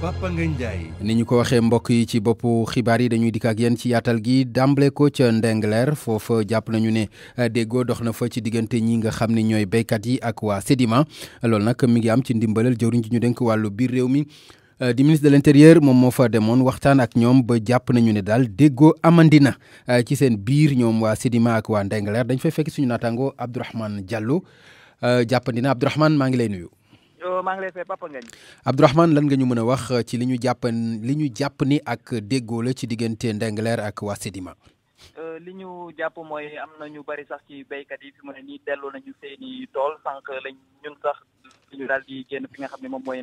Papa Ngagne Ndiaye ni ñu ko waxee mbokk yi ci boppu xibaar yi dañuy dikk ak yéen ci yaatal gi dàmbale ko ca Ndengler foofa jàpp nañu ne euh, déggoo dox na fa ci diggante ñi nga xam ni ñooy béykat yi ak waa Sedima loolu nag mi ngi am ci ndimbalal jëwriñ ji ñu denk wàllu biir réew mi euh, di ministre de l'intérieur moom moo fa demoon waxtaan ak ñoom ba jàpp nañu ne daal déggoo amandi na euh, ci seen biir ñoom waa Sedima ak waa Ndengler dañ fay fekk suñu naataango Abdourahmane Diallo jàppandi na Abdourahmane maa ngi lay nuyu. maa eh, Rahman lay fay Papa Ngagne Abdourahmane lan nga ñu mën a wax eh, ci li ñu jàpp li ñu jàpp ni ak déggoo la ci diggante Ndingler ak waa Sedima. Eh, li ñu jàpp mooy am na ñu bari sax ci béykat yi fi mu ne nii dellu nañu seen i tool sànq lañ ñun sax ñu daal di génn fi nga xam ne moom mooy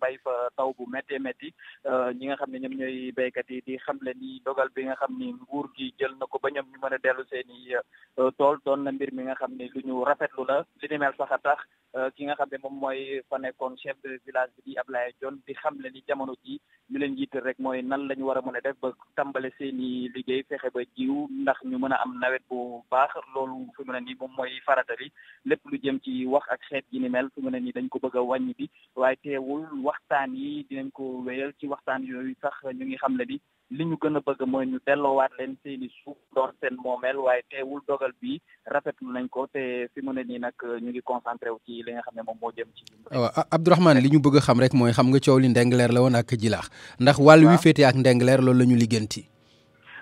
bàyyi fa taw bu méttee métti euh, ñi nga xam ne ñoom ñooy béykat yi di xamle ni dogal bi nga xam ni nguur gi jël na ko ba ñoom ñu mën a dellu seen i euh, tool doon na mbir mi nga xam ne lu ñu rafetlu la li ni mel sax a tax euh, ki nga xam ne moom mooy fa nekkoon chef de village bi di Ablaye Dione di xamle ni jamono ji ñu leen jiite rek mooy nan la ñu war a mën a def ba tàmbale seen i liggéey fexe ba jiw ndax ñu mën a am nawet bu baax loolu mu ne nii moom mooy farata bi lépp lu jëm ci wax ak xeet gi ni mel mu ne nii dañ ko bëgg a wàññi bi waaye teewul waxtaan yi dinañ ko wéyal ci waxtaan yooyu sax ñu ngi xam ne bi li ñu gën a bëgg mooy ñu delloowaat leen seeni suuf door seen moomeel waaye teewul dogal bi rafet rafetlu nañ ko te fi mu ne nii nag ñu ngi concentré wu ci li nga xam ne moom moo jëm ci. waaw Abdourahmane li ñu bëgg xam rek mooy xam nga coow li Ndingler la woon ak Jilaax ndax wàll wi féete ak Ndingler loolu la ñu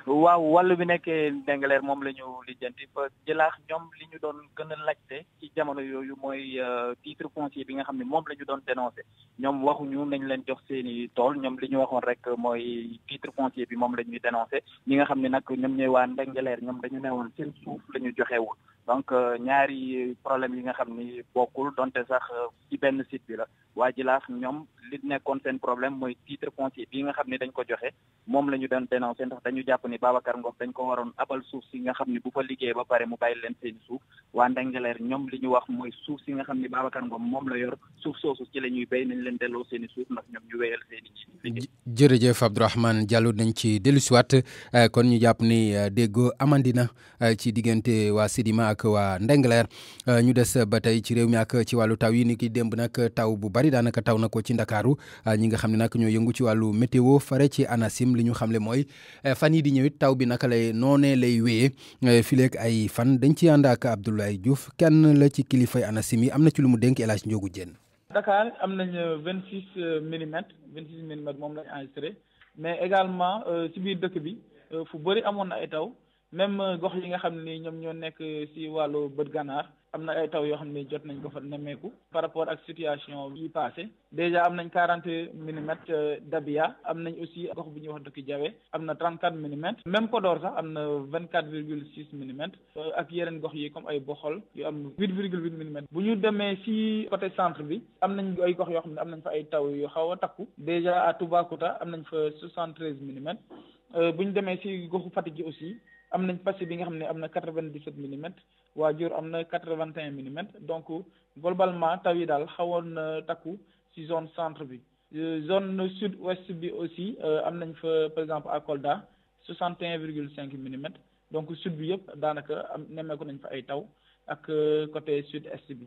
waaw wàllu bi nekkee Ndingler moom la ñu lijjanti ba jëlaax ñoom li ñu doon gën a ci jamono yooyu mooy euh, titre foncier bi nga xam ne moom la ñu doon dénoncé ñoom waxuñu nañ leen jox seen tool ñoom li ñu waxoon rek mooy titre foncier bi moom la ñuy dénoncé ñi nga xam ne nag ñoom ñooy waa Ndingler ñoom dañu newoon seen suuf la ñu joxewul donc euh, ñaari problème yi nga xam ni bokkul donte sax euh, ci benn site bi la waa Jilaaf ñoom li nekkoon seen problème mooy titre foncier bi nga xam ni dañ ko joxe moom la ñu doon dénoncé ndax dañu jàpp ni Babacar Ngom dañ ko waroon abal suuf si nga xam ni bu fa liggéey ba pare mu bàyyi leen seen suuf waa Ndengeleer ñoom li ñu wax mooy suuf si nga xam ni Babacar Ngom moom la yor suuf soosu ci la ñuy béy nañ leen delloo seen i suuf ndax ñoom ñu wéyal seen i liggéey. jërëjëf Abdourahmane Diallo nañ ci dellusiwaat euh, kon ñu jàpp ni déggoo amandina ci diggante waa Sidima ak waa Ndengler euh, ñu des euh, ba tey ci réew mi ak ci wàllu taw yi ni ki démb nag euh, taw bu bari daanaka taw na ko ci Ndakaaru ñi nga xam ne nag ñoo yëngu ci wàllu météo fare ci ANACIM li ñu xamle mooy fan yi di ñëwit taw bi naka lay noonee lay wéyee fileeg ay fan dañ ci ànd ak Abdoulaye Diouf kenn la ci kilifay ANACIM yi am na ci lu mu dénk El Hadj Ndiogou Diène Dakar am nañ vingt six millimètres vingt six millimètres mais également ci biir dëkk bi fu bëri amoon même euh, gox yi nga xam ni ñoom ñoo nekk euh, si wàllu bët gànnaar am na ay taw yoo xam ne jot nañ ko fa nemmeeku par rapport ak situation yi passé déjà am nañ quarante millimètres euh, Dabia am nañ aussi gox bu ñuy wax Dokki Jawe am na trente millimètres même Podor sax am na vingt millimètres ak yeneen gox yi comme ay Boxol yu am 8,8 virgule millimètres bu ñu demee si côté centre bi am nañ ay gox yoo xam ne am nañ fa ay taw yu xaw a takku déjà à Toubacouta am nañ fa 73 treize millimètres buñ ñu demee si goxu Fatick aussi am nañ passé bi nga xam ne am na donc globalement taw yi daal xawoon na takku ci zone centre bi euh, zone sud ouest bi aussi euh, am nañ fa par exemple à Kolda 61,5 mm. donc sud bi yëpp daanaka am nemmeeku nañ fa ay taw ak euh, côté sud est bi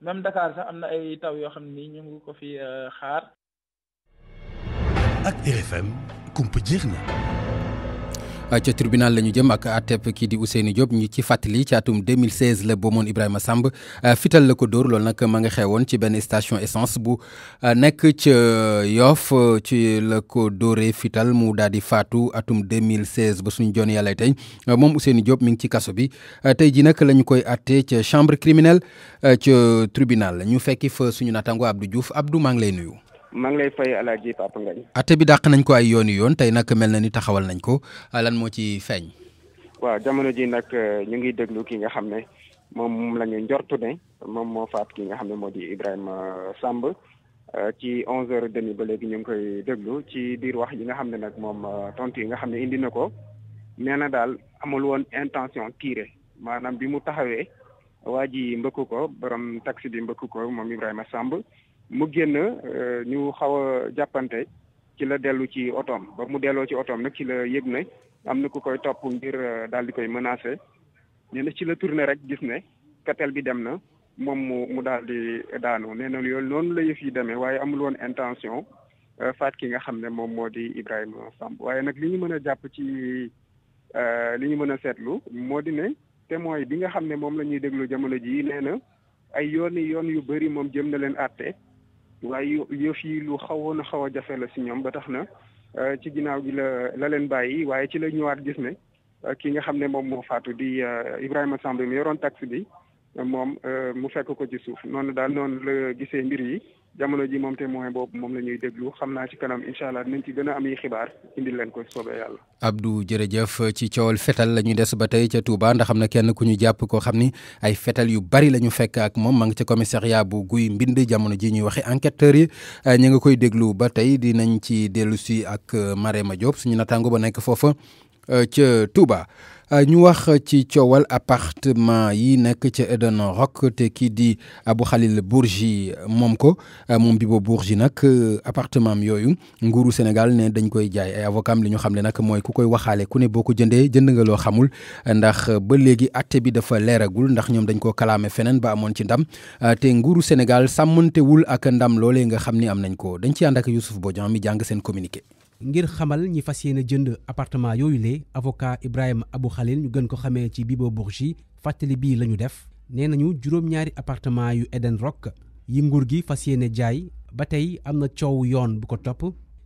même Dakar sax amna ay taw yo xamni ñu ngi ko fi xaar. ak RFM kumpa jeex na. ci tribunal la ñu jëm ak àtteb ki di Ousseynou Diop ñu ci fatali ci atum 2016 le boomoon Ibrahima Samb euh, fital la ko dóor lool nak ma nga xewon ci ben station essence bu euh, nekk ci Yoff euh, ci la ko dóoree fital mu daal di faatu atum 2016 ba suñu jonne yalla tay mom Ousseynou Diop mi ngi ci kasso bi tay ji nak la koy chambre criminelle ci tribunal ñu fekki fa suñu naataango Abdou Diouf Abdou maa ngi lay nuyu. maa ngi lay fay Alaaji Papa Ngagne. atte bi dàq nañ ko ay yoon yoon tey nag mel na ni taxawal nañ ko lan moo ci feeñ. waaw jamono ji nag euh, ñu ngi déglu ki nga xam ne moom la ñu njortu ne moom moo faat ki nga xam ne moo di Ibrahima Samb euh, ci 11h30 ba léegi ñu ngi koy déglu ci biir wax yi nga xam ne nag moom euh, tontu yi nga xam ne indi na ko nee na daal amul woon intention tirer maanaam bi mu taxawee waa ji mbëkk ko borom taxi bi mbëkk ko moom Ibrahima Samb. mu génn euh, ñu xaw a jàppante ci la dellu ci otoom ba mu delloo ci otoom nag ci la yëg ne am na ku koy topp ngir euh, daal di koy menacé nee na ci la tourné rek gis ne katel bi dem na moom mu mu daal di daanu nee na loolu noonu la yëf yi demee waaye amul woon intention euh, faat ki nga xam ne moom moo di Ibrahima Samb waaye nag li ñu mën a jàpp ci li ñu mën a seetlu moo di ne témoin bi nga xam ne moom la ñuy déglu jamono jii nee na ay yoon yoon yu bëri moom jëm na leen àtte waaye yëf yi lu xawoon a xaw a jafe la si ñoom ba tax na euh, ci ginnaaw gi la la leen bàyyi waaye ci la ñëwaat gis ne euh, ki nga xam ne moom moo faatu di euh, Ibrahima Samb mi yoroon taxi bi moom mu fekk ko ci suuf noonu daal noonu la gisee mbir yi. jamono ji moom témoin boobu moom la ñuy déglu xam naa ci kanam incha allah dinañ am xibaar indil leen ko soobee yàlla. Abdou jërëjëf ci coowal fetal la ñu des ba tey ca Touba ndax xam na kenn ku ñu jàpp koo xam ni ay fetal yu bari la ñu fekk ak moom ma ngi ca commissariat bu guy mbind jamono ji ñu waxe enquêteurs yi eh, ñu ngi koy déglu ba tey dinañ ci dellu si ak eh, Marema Diop suñu natango ba nekk foofa eh, ca Touba. Euh, ñu wax ci coowal appartement yi nekk ci Eden Rock te kii di Abou Khalil Bourgi moom ko euh, moom Bibo Bourgi nag euh, appartement am yooyu nguuru Sénégal ne dañ koy jaay ay avocat li ñu xam ne nag mooy ku koy waxaale ku ne boo ko jëndee jënd nga loo xamul ndax ba léegi ate bi dafa leeragul ndax ñoom dañ koo kalaame feneen ba amoon ci ndam te nguuru Sénégal sàmmantewul ak ndam loolee nga xam ni am nañ ko dañ ci ànd ak Youssouf Bodian mi jàng seen communiqué. ngir xamal ñi fas yéene jënd appartement yooyu le avocat Ibrahima abu Khalil ñu gën ko xamee ci Bibo Bourgi fàttali bii la ñu def nee nañu juróom-ñaari appartement yu Eden Rock yi nguur gi fas yéene jaay ba tey am na coow yoon bu ko topp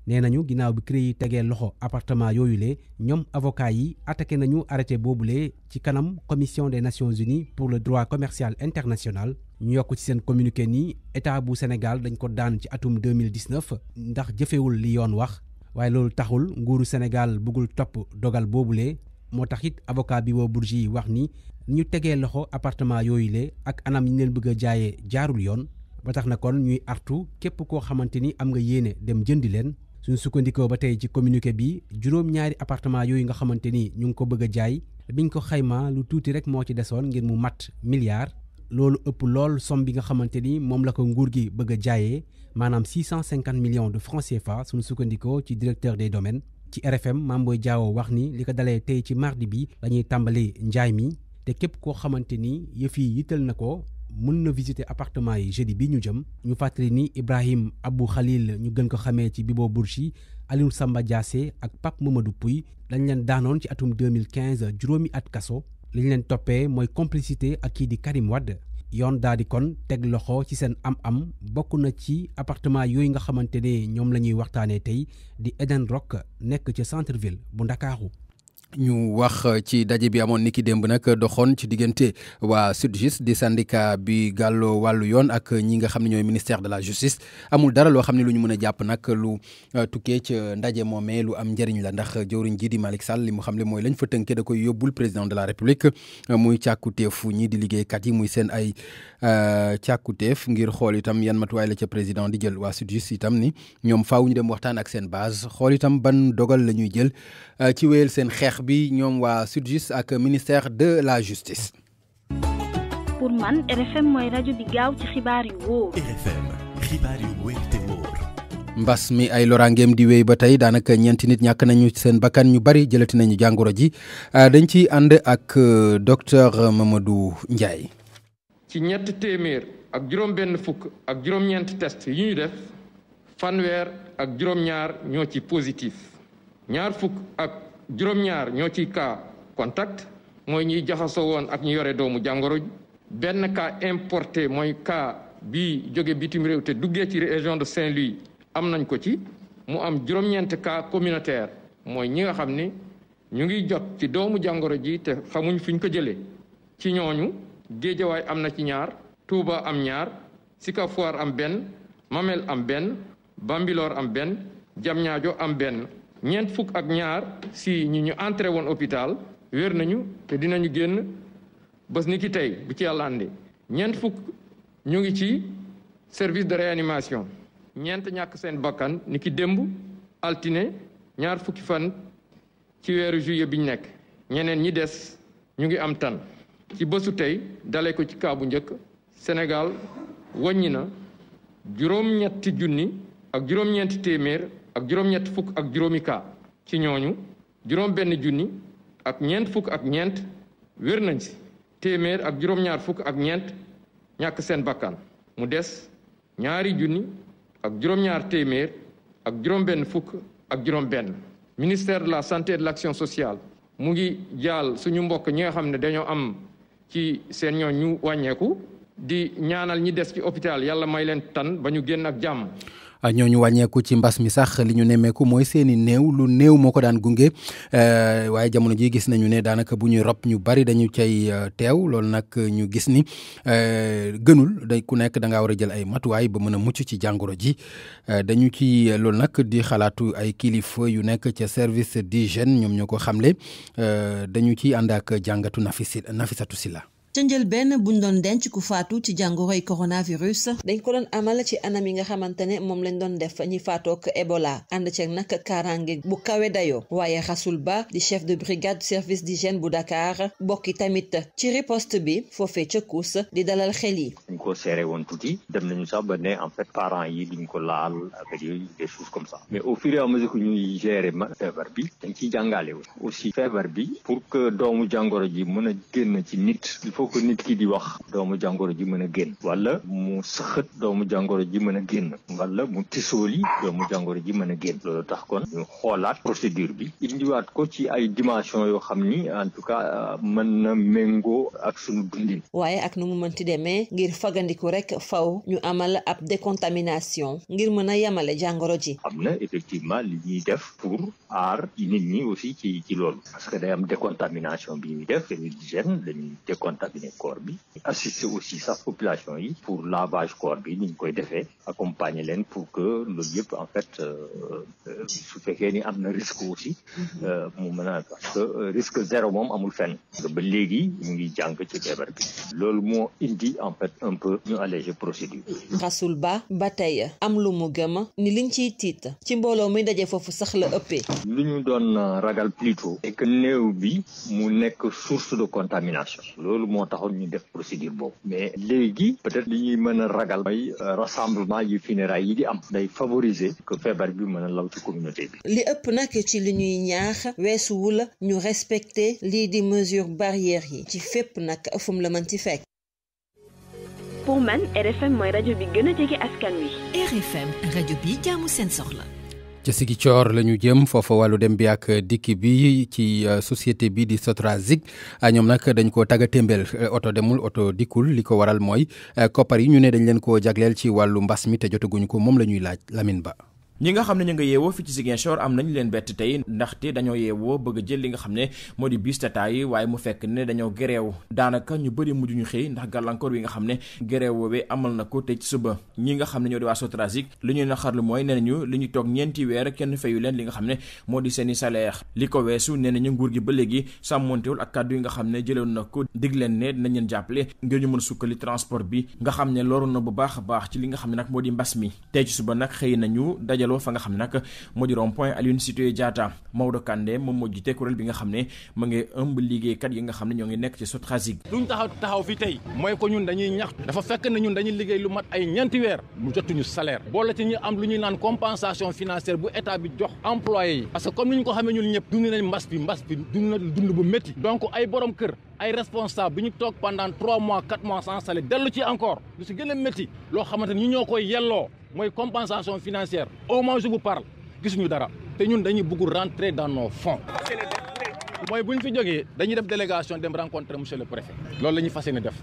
nee nañu ginnaaw bi CREI yi tegee loxo appartement yooyu le ñoom avocat yi attaqué nañu boobu boobule ci kanam commission des nations uni pour le droit commercial international ñu yokk ci seen communiqué ni état bu Sénégal dañ ko daan ci atum 2019 ndax jëfewul li yoon wax waaye loolu taxul nguuru Sénégal bëggul topp dogal boobu boobule moo tax it avocat bi woo Bourgi yi wax ni ñu tegee loxo appartement yooyu le ak anam yi ñu leen bëgg a jaayee jaarul yoon ba tax na kon ñuy artu képp koo xamante ni am nga yéene dem jëndi leen suñ sukkandikoo ba tey ci communiqué bi juróom-ñaari appartement yooyu nga xamante ni ñu ngi ko bëgg a jaay biñ ko xayma lu tuuti rek moo ci desoon ngir mu matt milliard loolu ëpp lool somme bi nga xamante ni moom la ko nguur gi bëgg a jaayee manam 650 millions de francs CFA sous of ci directeur des domaines ci RFM Mambo Jao Diao wax ni li ko dalee Njaimi, ci mardi bi la ñuy njaay mi te képp ko xamante yi bi Ibrahim Abou Khalil ñu gën ko Bibo Aliou Samba Diassé ak Pape Mamadou Pouy leen atum 2015 juróomi at kaso topé complicité ak Karim Wade yoon daal di kon teg loxo ci seen am-am bokk na ci appartement yooyu nga xamante ne ñoom la ñuy waxtaanee tey di Eden Rock nekk ca centre ville bu Ndakaaru ñu wax euh, ci daje bi amoon niki démb nag doxoon ci diggante waa SYTJUST di syndicat bi gàlloo wàllu yoon ak ñi nga xam ne ñooy ministère de la justice amul dara loo xam ne lu ñu mën a jàpp nag lu euh, tukkee ci ndaje moomee lu am njëriñ la ndax jëwriñ ji di Malick Sall li mu xam ne mooy lañ fa tënkee da koy yóbbul président de la république euh, muy càkkuteef ñi di liggéeykat yi muy seen ay càkkuteef ngir xool itam yan matuwaay la ca président di jël waa SYTJUST itam ni ñoom faaw ñu dem waxtaan ak seen base xool itam ban dogal la ñuy jël ci wéyal seen xeex bi ñoom waa SYTJUST ak ministère de la justice. pour man RFM mooy rajo bi gaaw ci xibaar yu wóor. RFM xibaar yu wóor te wóor. mbas mi ay loraangeem di wéy ba tey daanaka ñeenti nit ñàkk nañu seen bakkan ñu bari jëlati nañu jàngoro ji ah, dañ ciy ànd ak euh, docteur Mamadou Ndiaye. ci ñett téeméer ak juróom-benn fukk ak juróom-ñeenti test yi ñu def fanweer ak juróom-ñaar ñoo ci positif ñaar fukk ak juróom-ñaar contact mooy ñuy jaxasoo woon ak ñu yore doomu benn importé bi jóge bitim te ci région de Saint-Louis am nañ ko ci mu am juróom communautaire mooy ñi nga xam ñu ngi jot ci doomu ji te xamuñ am ci Mamel amben, Bambilor amben, benn amben. ñent fuk ak ñaar si ñu ñu entré won hôpital wër nañu té dinañu génn niki ni ki tey bu ci yalla andé ñent fuk ñu ngi ci service de réanimation ñent ñak seen bakkan ni ki altine ñaar fukki fan ci weeru juillet biñ nek ñeneen ñi dess ñu ngi am tan ci bësu tay dalé ko ci kaabu ñëk Sénégal wañina juroom ñetti junni ak juroom témèr ak juróom-ñett fukk ak juróomi kaa ci ñooñu juróom-benn junni ak ñeent fukk ak ñeent wér nañ si téeméer ak juróom-ñaar fukk ak ñeent ñàkk seen bakkan mu des ñaari junni ak juróom-ñaar téeméer ak juróom-benn fukk ak juróom-benn. ministère de la santé et de l'action sociale mu ngi jaal suñu mbokk ñi nga xam ne dañoo am ci seen ñooñ ñu di ñaanal ñi des ci hôpital yàlla may leen tan ba ñu ak jàmm. ñoo ñu wàññeeku ci mbas mi sax li ñu nemmeeku mooy seeni i néew lu néew moo ko daan gunge euh, waaye jamono ji gis nañu ne daanaka bu ñuy rob ñu bari dañu cay euh, teew loolu nag ñu gis ni euh, gënul day ku nekk da ngaa war a jël ay matuwaay ba mën a mucc ci jàngoro ji dañu ci lool nag di xalaatu ay kilifa yu nekk ca service di d'hygiène ñoom ñoo ko xamle dañu ci ànd ak jàngatu nafisi nafisatu si la ca njëlbéen buñ doon denc ku faatu ci jàngoroy coronavirus dañ ko doon amal ci anam yi nga xamantene moom lañ doon def ñi faatook Ebola ànd ceeg nag kaaraange bu kawe dayo waaye Rasoul Ba di chef de brigade service d'hygiène bu Dakar bokki tamit ci riposte bi foofee ca Kous di dalal xel yi. dañ ko seere woon tuuti dem nañu sax ba ne en fait parents yi duñ ko laal affaire yooyu des choses comme ça mais au fur et à mesure que ñuy gérer ma feebar bi dañ ciy jàngale aussi feebar bi pour que doomu jàngoro ji mën a génn ci nit. faut que nit ki di wax doomu jàngoro ji mën a génn wala mu sëxët doomu jàngoro ji mën a génn wala mu tisooli doomu jàngoro ji mën a génn loolu tax kon ñu xoolaat procédure bi indiwaat ko ci ay dimension yoo xam ni en tout cas euh, mën na méngoo ak sunu dundin waaye ak nu mu mënti demee ngir fagandiku rek faw ñu amal ab décontamination ngir mën a yemale jàngoro ji am na effectivement li ñuy def pour aar nit ñi aussi ci loolu parce que day am décontamination cabinet corps assister aussi sa population yi pour lavage corbi, bi ni ñu koy défé accompagner len pour que le yëpp en fait euh, euh, su fekkee ni amna risque aussi mhm. euh, mu parce que risque zéro mom amul fenn ba légui mu ngi jàng ci feebar bi loolu indi en fait un peu ñu alléger procédure Rasoul Ba ba am lu mu gëm ni liñ ciy tiit ci mbolo muy dajé fofu sax la ëppee liñu ñu doon ragal plutôt et que néew bi mu nekk source de contamination loolu moo taxoon ñu def procédure boobu mais léegi peut-être li ñuy mën a ragal mooy euh, rassemblement yu funérailles yi di am day favoriser que feebar bi mën a law ci communauté bi li ëpp nag ci li ñuy ñaax weesuwul ñu respecter lii di mesure barrière yi ci fépp nag fu mu la mën ci fekk pour man RFM mooy rajo bi gën a jege askan wi RFM rajo bi jaamu seen soxla ca Sigicoor la ñu jëm foofa wàllu dem bi ak dikk bi ci euh, société bi di Sotrazic euh, ñoom nag dañ ko tagga témbeel euh, oto demul oto dikkul li ko waral mooy koppar yi ñu ne dañ leen koo jagleel ci wàllu mbas mi te jotaguñu ko moom la ñuy laaj Lamine Ba ñi nga xam ne ñu nga yeewoo fii ci Ziguinchor am nañu leen bett tey ndaxte dañoo yeewoo bëgg jël li nga xam ne moo di bus Tata yi waaye mu fekk ne dañoo gereew daanaka ñu bari mujj ñu xëy ndax gàllankoor wi nga xam ne gereew we amal na ko tey ci suba ñi nga xam ne ñoo di waa Sotragic li ñuy naxarlu mooy nee nañu li ñu toog ñeenti weer kenn fayu leen li nga xam ne moo di seeni salaire li ko weesu nee nañu nguur gi ba léegi sàmmontewul ak kàddu yi nga xam ne jëloon na ko dig ne dinañ leen jàppale ngir mën sukkali transport bi nga ne loroon na bu baax a baax ci li nga xam ne nag moo di mbas mi dajaloo fa nga xam ne nag moo di rond point Aline Sitoé Diatta Maodo Kandé moom moo jiite kuréel bi nga xam ne mu ngi ëmb liggéeykat yi nga xam ne ñoo ngi nekk ci SOTRASIG duñ taxaw taxaw fi tey mooy ko ñun dañuy ñax dafa fekk ne ñun dañuy liggéey lu mat ay ñeenti weer mu jotuñu salaire boole ci ñu am lu ñuy naan compensation financière bu état bi jox employé yi parce que comme ni ñu ko xamee ñun ñëpp dund nañ mbas bi mbas bi dund na dund bu métti donc ay borom kër ay responsable bi ñu toog pendant 3 mois 4 mois sans salaire dellu ci encore lu si gën a métti loo xamante ni ñu ñoo koy yelloo une compensation financière au moins je vous parle nous dara fait, ñun dañuy beaucoup rentrer dans nos fonds. moi bu ñu fi jógee dañuy délégation de rencontrer monsieur le préfet. loolu la ñuy fas def.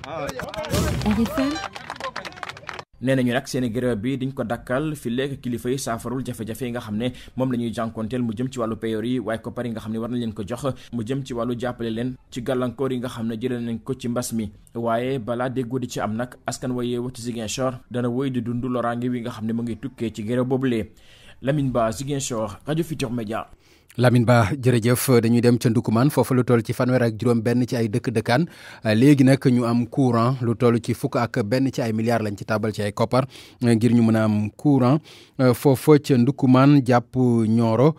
nee nañu nag seeni grève bi diñ ko dakkal fi léegi kilifa yi saafarul jafe-jafe yi nga xam ne moom la ñuy jànkonteel mu jëm ci wàllu payoor yi waaye ko yi nga xam ne war nañ leen ko jox mu jëm ci wàllu jàppale leen ci gàllankoor yi nga xam ne jëlee nañ ko ci mbas mi waaye balaa déggoo di ci am nag askan wa yeewu ci Ziguinchor dana woy di dund loraange wi nga xam ne mu ngi tukkee ci grève boobulee Lamine Ba Ziguinchor rajo jox Média Lamine Ba jërëjëf dañuy dem ca Ndoukoumane foofu lu toll ci fanweer ak juróom benn ci ay dëkk dëkkaan léegi nag ñu am courant lu toll ci fukk ak benn ci ay milliards lañ ci tabal ci ay koppar ngir ñu mën a am courant foofa ca Ndoukoumane jàpp Nioro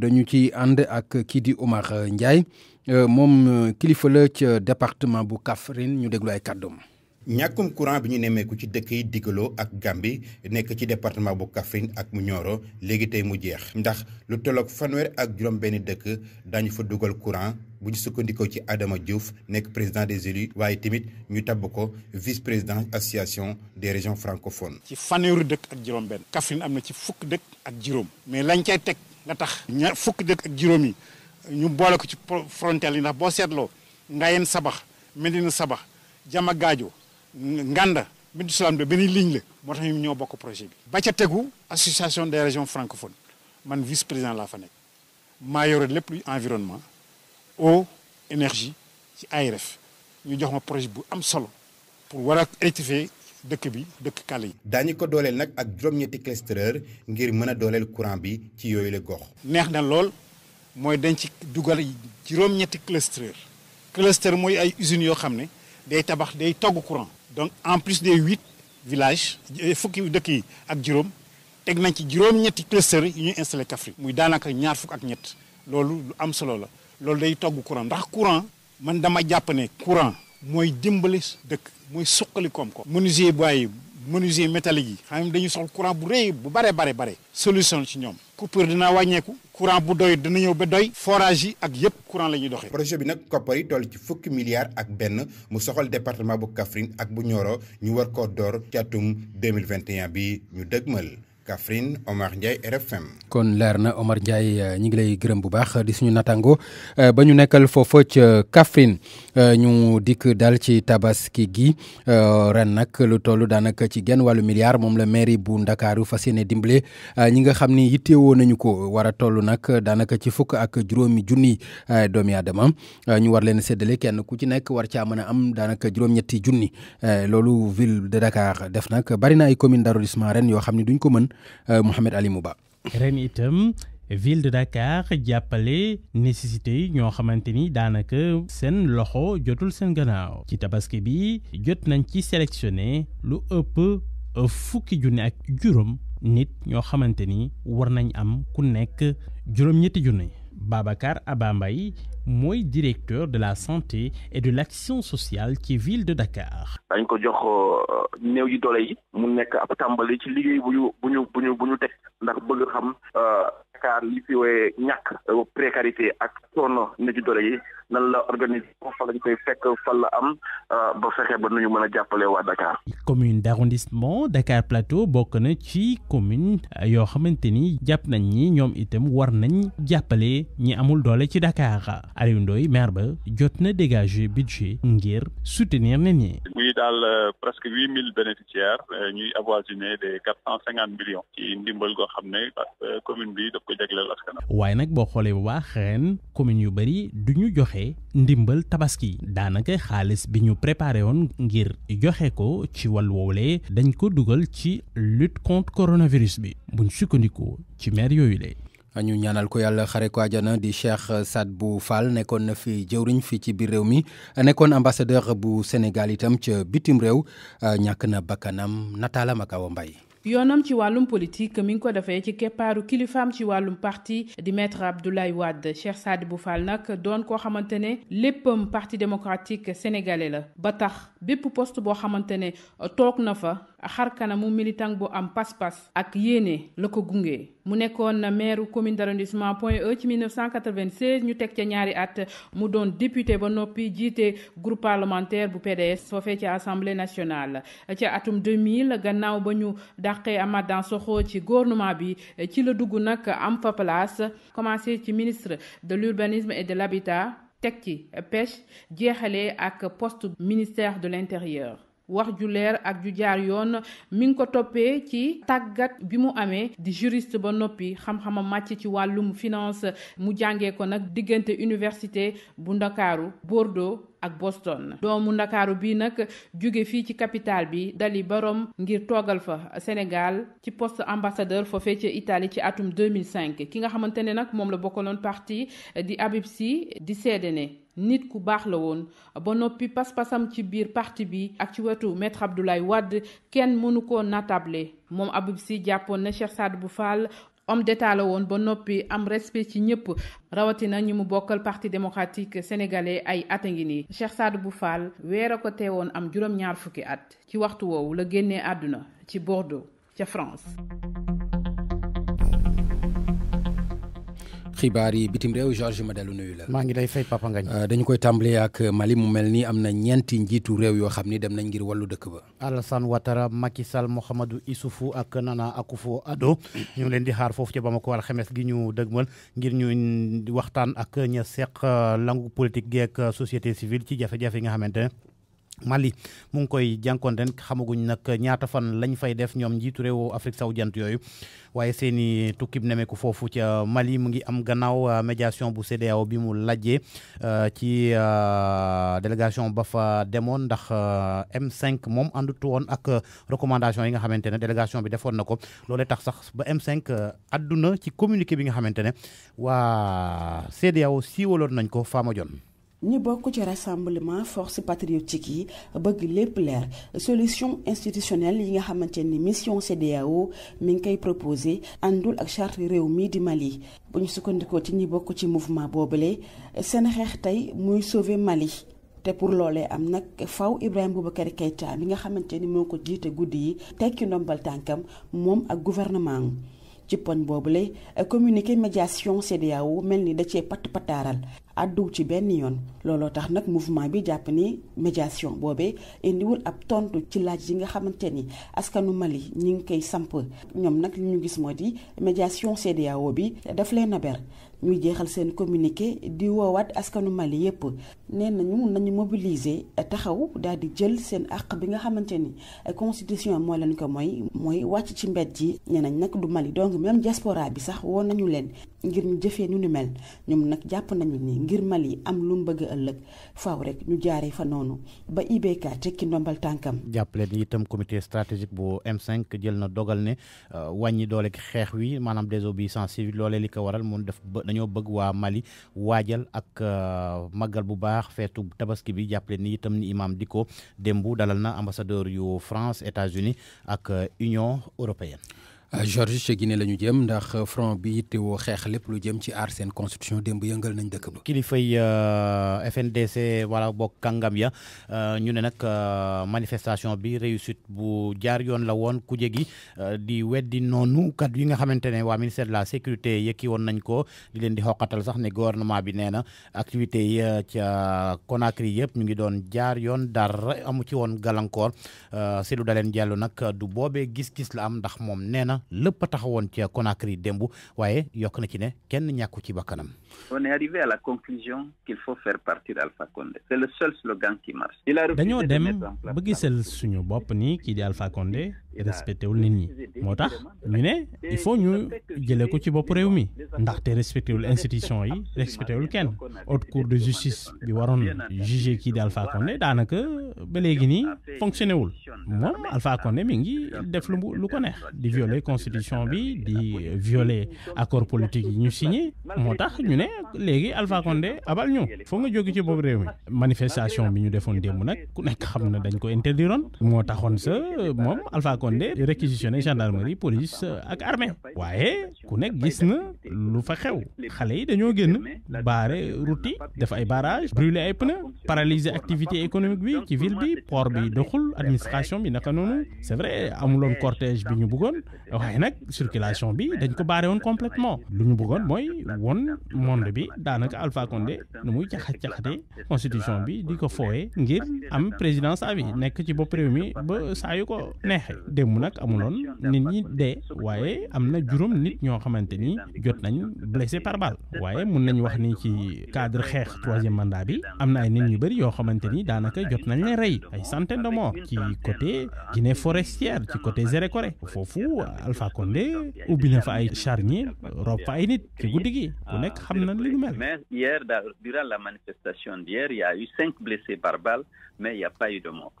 dañu ci ànd ak kii di Oumar Ndiaye moom kilifa la ca département bu Kaffrine ñu déglu ay kàddoom ñàkkum courant bi ñu nemmeeku ci dëkk yi Digaloo ak Gambie nekk ci département bu Kaffrine ak mu Nioro léegi tey mu jeex ndax lu tolloog fanweer ak juróom benn dëkk dañu fa dugal courant bu ñu sukkandikoo ci Adama Diouf nekk président des élus waaye tamit ñu tabb ko vice président association des régions francophones ci fanweeru dëkk ak juróom benn Kaffrine am na ci fukk dëkk ak juróom mais lañ cay teg nga tax ña fukk dëkk ak juróom yi ñu boole ko ci frontière yi ndax boo seetloo Ngayeen Sabax Medina Sabax Jama Gaajo Nganda Bintu Salam de benn ligne la motax ñu ñoo bokk projet bi. ba ca teggu association des régions francophones man vice président la fa nekk maa yore lépp luy environnement eau énergie ci ARF ñu jox ma projet bu am solo pour war a électrifier dëkk bi dëkk kàll yi. daañu ko dooleel nag ak juróom-ñetti cluster ngir mën a dooleel courant bi ci yooyu la gox. neex na lool mooy dañ ci dugal juróom-ñetti cluster cluster mooy ay usines yoo xam ne day tabax day togg courant donc en plus des huit villages euh, fukki dëkk yi ak juróom teg nañ ci juróom-ñetti cluster des ñuy installé muy daanaka ñaar fukk ak ñett loolu lu am solo la loolu day togg courant ndax courant courant menuisier métalis yi xam ne dañuy soxla courant bu rëy bu bare bare bare solution ci ñoom coupure dina wàññeeku courant bu doy dina ñëw ba doy forage yi ak yëpp courant la ñuy doxee projet bi nag koppar yi toll ci fukki milliards ak benn mu soxal département bu Kaffrine ak bu Nioro ñu war koo door ci atum 2021 bi ñu dëgmal Kafrin Omar Ndiaye RFM. kon lerna Omar Ndiaye euh, ñi ngi lay gërëm bu baax di suñu natango euh, ba ñu nekkal fofu ci euh, Kafrin ñu dik dal ci tabaski gi ren nak lu toll daanaka ci genn walu milliard mom la mairie bu Dakar fas yéene dimbale ñi nga xamni yitté wo nañu ko wara tollu nak nag ci fukk ak juroomi junni doomi aadama ñu war leen sédélé kenn ku ci nekk war ci mën am daanaka juroom ñetti junni lolu ville de Dakar def nak bari na ay commune d'arrondissement ren yo xamni duñ ko mën. Euh, Mouhamed Ali Mouba. ren itam ville de Dakar jàppale nécessité ñoo xamante ni daanaka seen loxo jotul seen gannaaw. ci tabaski bi jot nañ ci sélectionné lu ëpp euh, fukki junne ak juróom nit ñoo xamante ni war nañ am ku nekk juróom-ñetti junne Babacar Abba Mbaye Moi, directeur de la santé et de l'action sociale qui est ville de Dakar dakar li fi ñàkk euh, précarité ak coono ne ci doole yi nan la organisation fa lañ koy fekk fan la am euh, ba fexe ba nu ñu mën a jàppale waa Dakar. commune d' arrondissement Dakar Plateau bokk na ci commune euh, yoo xamante ni jàpp nañ ñi ñoom itam war nañ jàppale ñi amul doole ci Dakar Aliou Ndoye maire ba jot na dégager budget ngir soutenir nit ñi. muy daal presque huit mille bénéficiaires ñuy avoisiner des quatre cent cinquante millions. ci ndimbal goo xam ne commune bi daf waaye nag boo xoolee bu baax ren commune yu bëri du ñu joxe ndimbal tabaski daanakay xaalis bi ñu préparé woon ngir joxe ko ci wàllu woowule dañ ko dugal ci lutte contre coronavirus bi buñ sukkandikoo ci maire yooyu de ñu ñaanal ko yàlla xare ko àjjana di Cheikh bu Fall nekkoon na fi jëwriñ fii ci biir réew mi nekkoon ambassadeur bu Sénégal itam ca bitim réew ñàkk na bakkanam nataalam ak Awa Mbaye yoonam ci wàllum politique mi ngi ko defee ci keppaaru kilifaam ci wàllum parti di maître Abdoulaye Wade Cheikh Sadibou fal nag doon koo xamante ne léppam parti démocratique sénégalais la ba tax bépp post boo xamante ne toog na fa xar militant bu am pas-pas ak yéene la ko gunge mu nekkoon na commune d'arrondissement Point E ci 1996 ñu teg ca ñaari at mu doon député ba noppi jiite groupe parlementaire bu PDS foofee ci assemblée nationale ci atum 2000 gannaaw ba ñu dàqee Amath Dansokho ci gouvernement bi ci la dugg nag am fa place commencé ci ministre de l'urbanisme et de l'habitat teg ci pêche à ak poste ministère de l'intérieur Wak djou lèr ak djou djar yon, minkotope ki tak gat bimo ame di jirist bon nopi, kham khaman matye ki waloum finans moudjange konak digente universite bundakaru, Bordeaux, ak Boston doomu ndakaaru bii nag jóge fii ci capital bi dali barom ngir toogal fa Sénégal ci poste ambassadeur foofee ca Italie ci atum 2005 ki nga xamante ne nag moom la bokkaloon parti di Habib si di seede ne nit ku baax la woon ba noppi pas-pasam ci biir parti bi ak ci wetu maître Abdoulaye wadd kenn mënu ko natable moom Habib Sy jàppoon na Cheikh bu Fall homme d'état woon ba noppi am respect ci ñëpp rawatina ñi mu bokkal parti démocratique sénégalais ay at a ngi nii Cheikh Sadibou Fall weer a ko woon am juróom-ñaar fukki at ci waxtu woowu la génnee àdduna ci Bordeaux ca France xibaar yi bitim réew Georges Madelu nuyu la. maa ngi lay fay Papa Ngagne. Euh, dañu koy tàmbalee ak Mali mel ni am na ñeenti njiitu réew yoo xam ni dem nañ ngir wàllu dëkk ba. Alassane Ouattara Macky Sall Mouhamadou Issoufou ak Nana foo addo ñu ngi leen di xaar foofu ci Bamako alxames gi ñu dëgmal ngir ñu waxtaan ak ña seq euh, langu politique gi ak euh, société civile ci jafe-jafe yi nga xamante Mali mu ngi koy jànkoon ren xamaguñ nag ñaata fan lañ fay def ñoom njiitu réewu Afrique saw jant yooyu waaye seeni i tukkib nemeeku foofu ca Mali mu ngi am gannaaw euh, médiation bu CEDEAO bi mu lajjee euh, ci euh, délégation ba fa demoon ndax M5 moom àndutu woon ak recommandation yi nga xamante ne délégation bi defoon na ko loolee tax sax ba M5 àdduna ci communiqué bi nga xamante ne waa CEDEAO siiwaloon nañ ko faama jon ñi bokk ci rassemblement force patriotique yi bëgg lépp leer solution institutionnelle yi nga xamante ni mission cdao mi ngi koy proposé àndul ak charte réew mii di Mali buñu ñu sukkandikoo ci ñi bokk ci mouvement boobule seen xeex tey muy sauver Mali te pour loolee am nag faw ibrahim Boubacar Keïta mi nga xamante ni moo ko jiite guddi yi tekki ndombal tànkam moom ak gouvernement ci poñ boobule euh, communiqué médiation CEDEAO mel ni da cee patt pataaral àdduw ci benn yoon looloo tax nag mouvement bi jàpp ni médiation boobee indiwul ab tontu ci laaj yi nga xamante ni askanu Mali ñu ngi koy samp ñoom nag li ñu gis moo di médiation CEDEAO bi daf leen a ber ñuy jeexal seen communiqué di woowaat askanu Mali yépp nee nañu nañu mobiliser taxaw daal di jël seen àq bi nga xamante ni constitution moo leen ko mooy mooy wàcc ci mbedd yi nee nañ nag du Mali donc même diaspora bi sax woon nañu leen ngir ñu jëfee ñu mel nañu ni ngir Mali am lu faaw rek ñu fa ba IBK tekki ndombal comité stratégique M5 jël na dogal ne euh, wàññi doole xeex wi maanaam désobéissance civile loolee li waral mu def dañoo bëgg waa Mali waajal ak euh, magal bu baax feetu tabaski bi itam ni imam di ko dalal na ambassadeur yu France États-Unis ak euh, Union européenne. Georges ca Guinée la ñu jëm ndax front bi teewoo xeex lépp lu jëm ci aar seen constitution démb yëngal nañ dëkk ba. kilifay euh, FNDC wala bokk kàngam ya euh, ñu ne nag euh, manifestation bi réussite bu jaar yoon la woon ku jegi di weddi noonu kat yi nga xamante ne waa ministère de la sécurité yëkki woon nañ ko di leen di xoqatal sax ne gouvernement bi nee na activité yi ca Conakry yëpp ñu ngi doon jaar yoon dara amu ci woon gàllankoor Cellou Dalein Diallo nag du boobee gis-gis la am ndax moom nee na. lépp a taxawoon ca Conakry démb waaye yokk na ci ne kenn ñàkku ci bakkanam on est arrivé à la conclusion qu'il faut faire partir Alpha Condé. C'est le seul slogan qui marche. Il a refusé de mettre en place. gisel suñu bopp nii Alpha Condé respecté wul nit ñi moo tax il faut ñu que ko ci bopp réew mi ndaxte respecté les institutions, yi respecté le ken, haute cour de justice bi waroon jugé qui di Alpha Condé dit que léegi nii fonctionné Moi, Alpha Condé mingi def lu lu ko neex di violer constitution bi di violer accord politique yi ñu signé moo ñu ne Alpha Condé abal ñu foog nga joggi ci bobu réew manifestation bi ñu defoon démb nak ku nek xamna dañ ko interdiroon mo taxone sa mom Alpha Condé réquisitionné gendarmerie police ak armée waaye ku nek gis na lu fa xew xalé yi dañoo génn route def ay barrage brûler ay pneus paralyser activité économique bi ci ville bi port bi doxul administration bi naka c'est vrai amuloon cortège bi ñu bëggone waaye nak circulation bi dañ ko barré complètement lu ñu bëggone moy won monde bi daanaka Alpha Condé nu muy jaxat jaxate constitution bi di ko fooye ngir am présidence à vie nekk ci bopp réew mi ba saa yu ko neexee démb nag amuloon nit ñi dee waaye am na juróom nit ñoo xamante ni jot nañ blessé par balle waaye mun nañ wax ni ci cadre xeex troisième mandat bi am na ay nit ñu bëri yoo xamante ni daanaka jot nañ leen rey ay centaine de morts ci côté Guinée forestière ci côté Zérékoré foofu Alpha Condé ubbi na fa ay charnier rob fa Mais hier, durant la manifestation d'hier, il y a eu cinq blessés par balle, mais il n'y a pas eu de mort.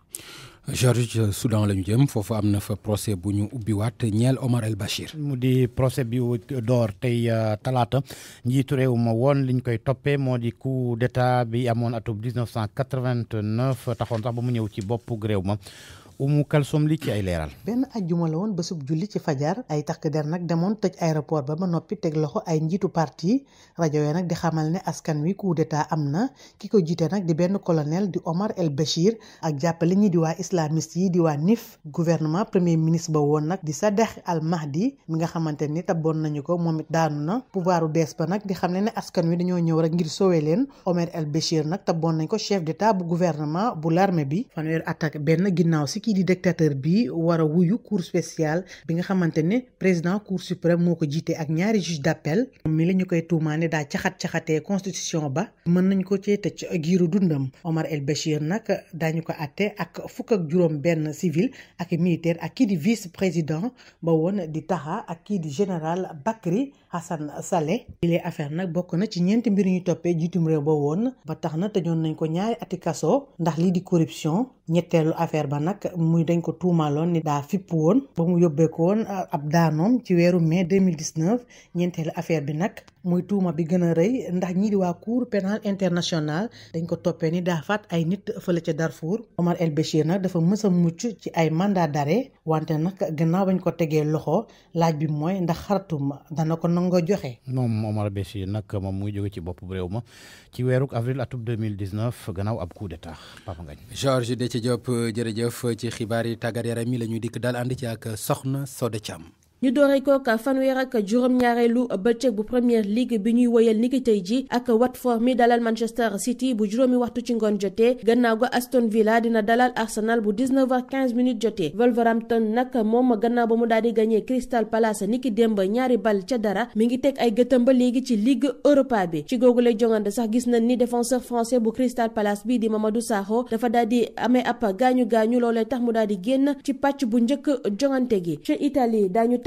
George Soudan lañu jëm fofu am na fa procès bu ñu ubbiwaat ñeel Omar El Bachir. mu di procès bi door tey euh, talaata njiitu réew ma woon liñ koy toppee moo di coup d'état bi amoon atum 1989 taxoon sax ba mu ñëw ci boppu réew ma. umu kalsom li ci ay leral ben aljuma la won bésub julli ci fajar ay tak der nak demone tej aéroport ba ba nopi tek loxo ay njitu parti radio ya nak di xamal ne askan wi coup d'état amna kiko ki nak di ben colonel di Omar El bashir ak jàppale ni di wa islamiste yi di wa NIF gouvernement premier ministre ba won nak di sadakh Al Mahdi mi nga xamanteni tabon nañu ko momit daanu na pouvoiru bees ba nak di xamne ne askan wi dañu ñew rek ngir sowe len Omar El bashir nak tabon nañ ko chef d'état bu gouvernement bu l'armée bi fanuer attaque ben ginnaw ci ki di dictateur bi war cour bi nga président cour suprême moo ko d'appel mi la constitution ba mën nañ ko Omar El Béchir nag atte ak ak civil ak militaire ak vice président ba woon di di général Bakri Hassan Saleh bilee affaire nag bokk na ci ñeenti mbir ñu toppee jiitum réew ba woon ba tax na tëjoon nañ ko ñaari ati kaso ndax lii di corruption ñetteelu affaire ba nag muy dañ ko tuumaaloon ni daa fipp woon ba mu yóbbeeko ab daanoom ci weeru mai 2019 ñeenteelu affaire bi nag muy tuuma bi gën a rëy ndax ñii di waa cour pénal international dañ ko toppee ni daa faat ay nit fële ca Darfour Omar El Béchir nag dafa mës a mucc ci ay mandat d'arrêt wante nag gannaaw bañ ko tegee loxo laaj bi mooy ndax Khartoum dana ko mu nga joxe. moom Omar Béchir nag moom muy jóge ci bopp réew ma ci weeru avril atum 2019 gannaaw ab coup d'état Papa Ngagne. Georges Déthié Diop jërëjëf ci xibaar yi tàggat yaram yi la ñuy dikk daal ànd ci ak Soxna Sode Thiam. ñu doore ko ka fanweer ak juróom-ñaareelu bëccëg bu première ligue bi ñuy woyal niki ji ak Watford mi dalal Manchester City bu juróomi waxtu ci ngoon jotee gannaaw ga Aston Villa dina dalal Arsenal bu 19h15 minutes jotee Wolverhampton nag moom gannaaw ba mu daal di gagné Crystal Palace niki démb ñaari bal ca dara mi ngi teg ay gëtëm ba léegi ci ligue Europa bi ci googu lay jongante sax gis na ni défenseur français bu Crystal Palace bii di Mamadou Sakho dafa daal di amee ab gaañu gaañu loolee tax mu daal di génn ci pàcc bu njëkk jongante gi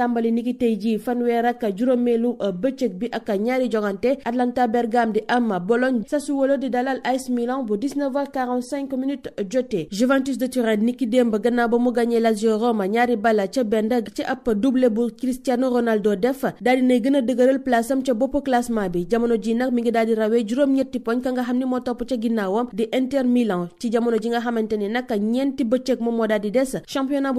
tàmbali niki tey jii fanweer ak juróomeelu euh, bëccëg bi ak ñaari jogante Atlanta Bergame di am Bologne Sassuolo di dalal AS Milan bu 19h45 minutes jotee Juventus de Turin niki démb gannaaw ba mu gagné Lazio Roma ñaari bala ca benn ci ab doublé bu Cristiano Ronaldo def daal dinay gën a dëgëral place ca bopp classement bi jamono ji nag mi ngi daal di rawee juróom-ñetti poñ ka nga xam ni moo topp ca ginnaawam di Inter Milan ci jamono ji nga xamante ni nag ñeenti bëccëg moom moo daal di des championnat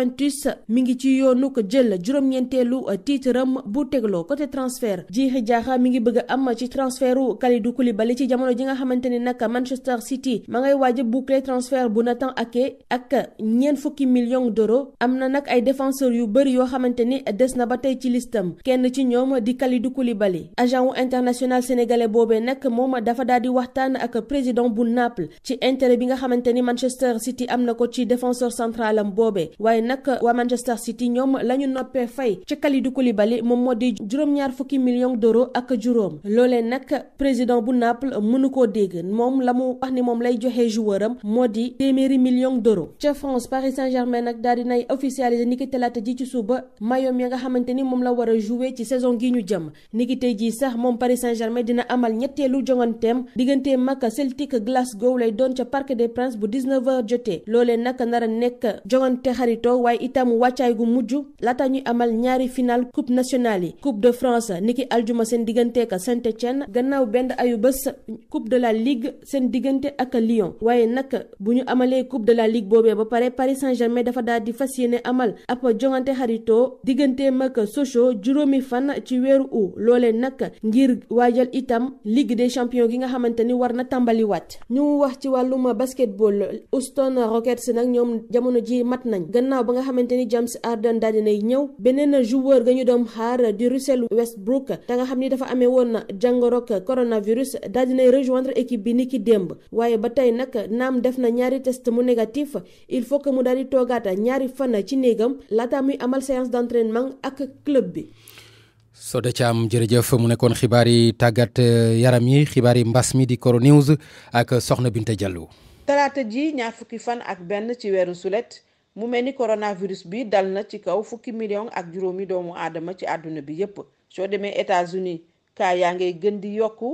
Juventus mi ngi ci yoonu ko jël juróom-ñeenteelu uh, tiitram bu tegloo côté transfert jiixi jaaxa mi ngi bëgg a am ci transferu Kalidou Koulibaly ci jamono ji nga xamante ne nag Manchester City ma ngay waaj a boucler bu Nathan Ake ak ñeent fukki million d'euros am na nag ay défenseurs yu bëri yoo xamante ni des na ba tey ci listam kenn ci ñoom di Kalidou Koulibaly agent wu international sénégalais boobee nag moom dafa daal di waxtaan ak président bu Naples ci intérêt bi nga xamante ni Manchester City am na ko ci défenseur central am boobee nag waa Manchester City ñoom la ñu noppee fay ci Kalidou Koulibaly moom moo di juróom-ñaar fukki millions d'euros ak juróom loolee nag président bu Naples mënu koo dégg moom la mu wax ni moom lay joxe joueur am moo di téeméeri millions d'euros ca France Paris Saint-Germain nag daal nay officialiser niki talaata ji ci suba mayoom ya nga xamante ni moom la war a jouer ci saison gi ñu jëm niki tey jii sax moom Paris Saint-Germain dina amal ñetteelu jonganteem diggante mag Celtic Glasgow lay doon ca Parc des Princes bu 19h jotee loolee nag nar a nekk jongante xaritoo waaye itam wàccaay gu mujj laata ñuy amal ñaari final coupe nationale yi coupe de France niki aljuma seen digganteek Saint-Étienne gannaaw benn ayu bés coupe de la ligue seen diggante ak Lyon waaye nag bu ñu amalee coupe de la ligue boobee ba pare Paris Saint-Germain dafa daal di fas yéene amal ab jongante xaritoo digganteem ak Sochaux juróomi fan ci weeru u loolee nag ngir waajal itam ligue de champions gi nga xamante ni war na tàmbaliwaat ñu wax ci wàllum basketball Houston Rockets nag ñoom jamono ji mat nañ gannaaw ba nga xamante ni James Harden daal dinay ñëw beneen joueur ga ñu doon xaar di Russell Westbrook te nga xam ni dafa amee woon jàngorok coronavirus daal dinay rejoindre équipe bi ni ki démb waaye ba tey nag naam def na ñaari test mu négatif il faut que mu daal di ñaari fan ci néegam laata muy amal séance d'entraînement ak club bi. Sode am jërëjëf mu nekkoon xibaar yi tàggat eh, yaram yi xibaar yi mbas mi di Coronews ak Soxna Binte Diallo. talaata ji ñaar sulet. mu mel ni coronavirus bi dal na ci kaw fukki million ak juróomi doomu aadama ci àdduna bi yépp soo demee États-Unis kaa yaa ngay gën di yokku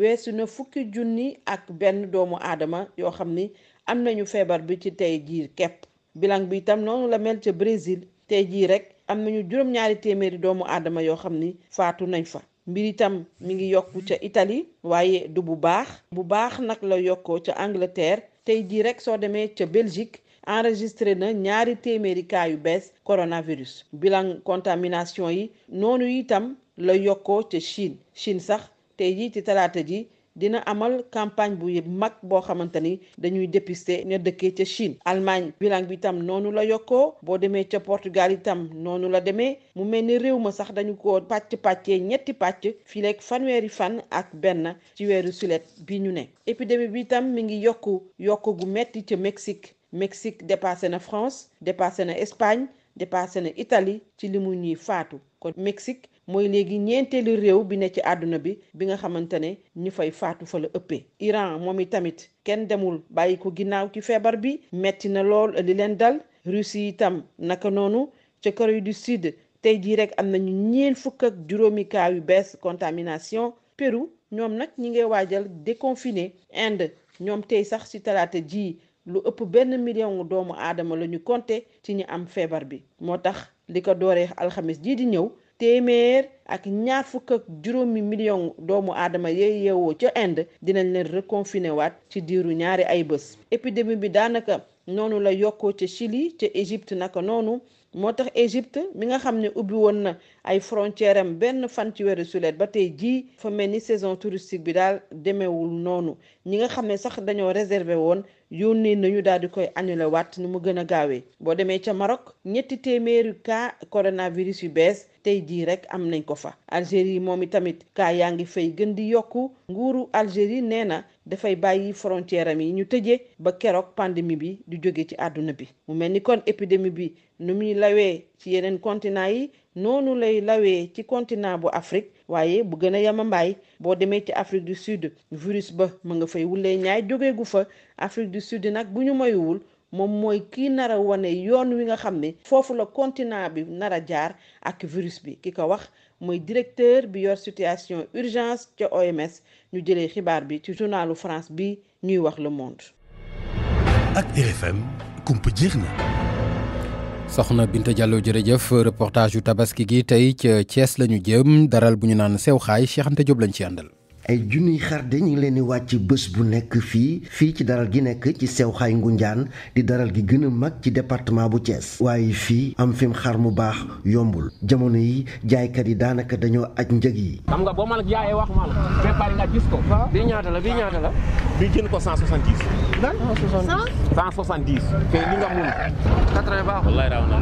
weesu na fukki junni ak benn doomu aadama yoo xam ni am nañu feebar bi ci tey jiir kepp bilang bi itam noonu la mel ca Brésil tey jii rek am nañu juróom-ñaari téeméeri doomu aadama yoo xam ni faatu nañ fa mbir itam mi ngi yokk ca Italie waaye du bu baax bu baax nag la yokkoo ca Angleterre tey jii rek soo demee ca Belgique enregistré na ñaari téeméeri cas yu bees coronavirus bilan contamination yi noonu itam la yokkoo ca Chine Chine sax te jii talaata ji dina amal campagne bu mag boo xamante ni dañuy dépister ña dëkkee ca Chine Allemagne bilan bi itam noonu la yokkoo boo demee ca Portugal itam noonu la demee mu mel ni réew ma sax dañu ko pàcc pàccee ñetti pàcc fileeg fanweeri fan ak benn ci weeru sulet bi ñu ne épidémie bi itam mu ngi yokk yokk gu metti ca Mexique Mexique dépassé na France dépassé na Espagne dépassé na Italie ci li mu faatu kon Mexique mooy léegi ñeenteelu réew bi ne ci àdduna bi bi nga xamante ne ñu fay faatu fa la ëppee Iran moom i tamit kenn demul bàyyi ko ginnaaw ci feebar bi metti na lool li leen dal Russie itam naka noonu ca Corée du Sud tey jii rek am nañu ñeen fukk ak juróomi yu bees contamination Pérou ñoom nag ñi ngay waajal déconfiné Inde ñoom tey sax ci talaata jii lu ëpp benn million doomu aadama la ñu compté ci ñu am feebar bi moo tax li ko dooree alxamis jii di ñëw téeméer ak ñaar fukk ak juróomi million doomu aadama yeey yeewoo ca Inde dinañ leen reconfiné waat ci diiru ñaari ay bés épidémie bi daanaka noonu la yokkoo ca Chili ca Égypte naka noonu moo tax Égypte mi nga xam ne ubbi woon na ay frontière am benn fan ci weeru sulet ba tey jii fa mel ni saison touristique bi daal demeewul noonu ñi nga xam ne sax dañoo réserver woon yónnee nañu daal di koy annulé waat nu mu gën a gaawee boo demee ca Maroc ñetti téeméeri cas coronavirus yu bees tey jii rek am nañ ko fa Algérie moom i tamit cas yaa ngi fay gën di yokku nguuru Algérie nee na dafay bàyyi frontière am yi ñu tëjee ba keroog pandémie bi du jóge ci àdduna bi mu mel ni kon épidémie bi nu muy lawee ci yeneen continent yi noonu lay lawee ci continent bu Afrique waaye bu gën a yamambaay boo demee ci Afrique du Sud virus ba mu nga fay wulee ñaay jógeegu fa Afrique du Sud nag bu ñu moywul moom mooy kii nara a wane yoon wi nga xam ne foofu la continent bi nar a jaar ak virus bi ki ko wax mooy directeur bi yor situation urgence ca OMS ñu jëlee xibaar bi ci journalu France bi ñuy wax Le Monde. ak RFM kumpa jeex na. soxna Binta Diallo jërëjëf reportage yu tabaski gi tey ca Thiès la ñu jëm daral bu ñu naan sew xaay Cheikh Anta Diop lañ ci àndal. ay junniy xarde ñu ngi leen di wàcc bés bu nekk fii fii ci daral gi nekk ci sew xay ngunjaan di daral gi gën a mag ci département bu Thiès waaye fii am fim xar mu baax yombul jamono yi jaaykat yi daanaka dañoo aj njëg yi xam nga boo ma la jaayee wax ma la mais bari nga gis ko bi ñaata la bi ñaata la bi jën ko 170 lan 170 te li nga mun 80 baax wallaay raw na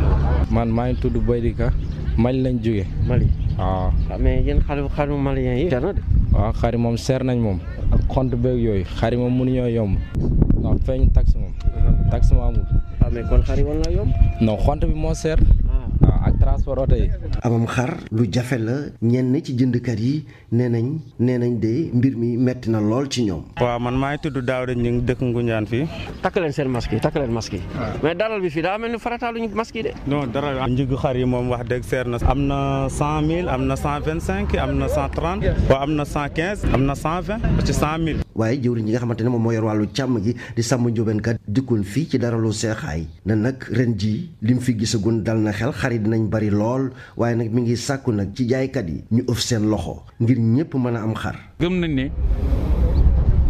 man maa ngi tudd Boydika Mali lañ jóge Mali waaw ah. ah, mais yéen xaru xaru malien yi jar na de. Ah, moom seer nañ moom ak xont beeg yooyu xari moom mënuñoo yomb ndax feeñ taxe moom uh-huh. taxe ma amul. waaw mais kon xari war na yomb. non xont bi moo seer. transport oto yi. amam xar lu jafe la ñenn ci jënd jëndkat yi nee nañ nee nañ de mbir mi metti na lool ci ñoom. waaw man maa ngi tudd Daouda ñu ngi dëkk Ngoundiane fii. takk leen seen masque yi takk leen masque yi. mais dalal bi fii daa mel ni farataaluñu ñu yi de. non dara njëgu xar yi moom wax dëgg seer na. am na cent mille am na cent vingt cinq am na cent trente. waaw am na cent quinze am na cent vingt ba ci cent waaye jëwriñ ñi nga xamante ne moom moo yor càmm gi di sàmm njóobeenkat dikkoon fii ci dara lu seexaay na nag ren jii lim fi gisagun dal na xel xarit dinañ bari lool waaye nag mi ngi sàkku nag ci jaaykat yi ñu ëf seen loxo ngir ñëpp mën a am xar. gëm nañ ne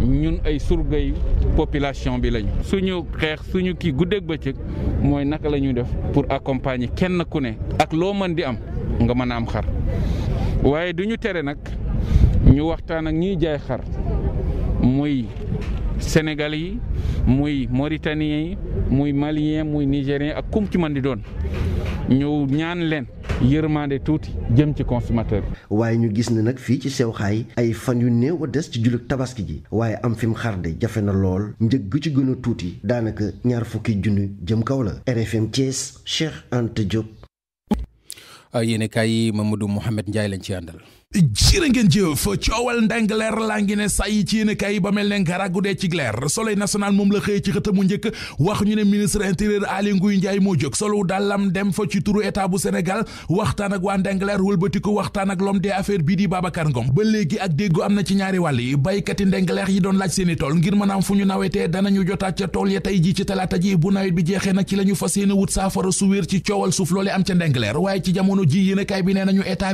ñun ay surgay population bi lañu suñu xeex suñu kii guddeeg bëccëg mooy naka la ñuy def pour accompagner kenn ku ne ak loo mën di am nga mën a am xar waaye duñu tere nag ñu waxtaan ak ñuy jaay xar. muy Sénégal yi muy moritaniyen yi muy Malien muy Nigérien ak kum ci man di doon ñëw ñaan leen yërmande tuuti jëm ci consommateur bi. waaye ñu gis ne nag fii ci sew xaay ay fan yu néew a des ci jullit tabaski ji. waaye am fi mu de jafe na lool. njëg gi ci gën tuuti. daanaka ñaar fukki junni jëm kaw la. RFM Thiès Cheikh Anta Diop. yéen a kaay Mamadou Mouhamed njaay lañ ci àndal. jirë ngeen jëf coowal ndeng leer laa ngi ne say ci yéen ba mel ne ngaragu dee ci leer soleil national moom la xëy ci xëtamu njëkk wax ñu ne ministre intérieur Aly Ngouille Ndiaye moo jóg solo dàllam dem fa ci turu état bu Sénégal waxtaan ak waa ndeng leer wëlbati ko waxtaan ak l'homme des affaires bii di Babacar Ngom ba léegi ak déggu am na ci ñaari wàll yi baykati ndeng yi doon laaj seeni tool ngir mën a am fu ñu nawetee danañu jotaat ca tool ya tey ji ci talaata ji bu bi jeexee nag ci la ñu fas yéene su wér ci coowal suuf ca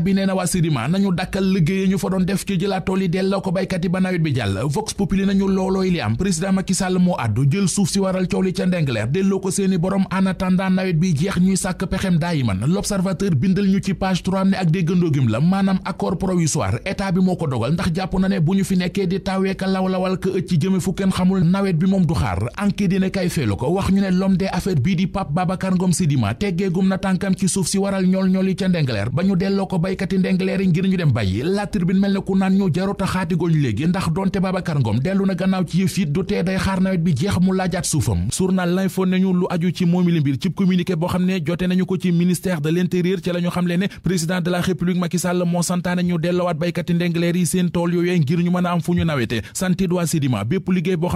ndeng gàkkal liggéey ñu fa doon def ci jëlaat tool yi delloo ko baykat ba nawet bi jàll vox populi nañu loolooy li am président Macky Sall moo addu jël suuf si waral coow li ca Ndengler delloo ko seeni borom en attendant nawet bi jeex ñuy sàkk pexem daayiman l'observateur bindal ñu ci page 3 ne ak déggandoogim la maanaam accord provisoire état bi moo ko dogal ndax jàpp na ne bu ñu fi nekkee di taaweeka lawlawal ke ëcc jëme fu kenn xamul nawet bi moom du xaar enquête dina kay feelu ko wax ñu ne lom de affaire bii di Pape Babacar Ngom Sidima gum na tànkam ci suuf si waral ñol ñool yi ca Ndengler ba ñu delloo ko baykat ngir ñu dem bàyyi la mel ne ku naan ñu jarut a léegi ndax donte Babacar Ngom dellu na gannaaw ci yëf it du tee xaar nawet bi jeex mu laajaat suufam journal l'info nañu lu aju ci moomi mbir cib communiqué boo xam ne jote nañu ko ci ministère de l'intérieur ci la ñu xamle président de la république Macky moo santaane ñu dellowaat baykat ndengleer yi seen tool yooyee ngir ñu mën a am fu ñu nawete santit waa Sidima bépp liggéey boo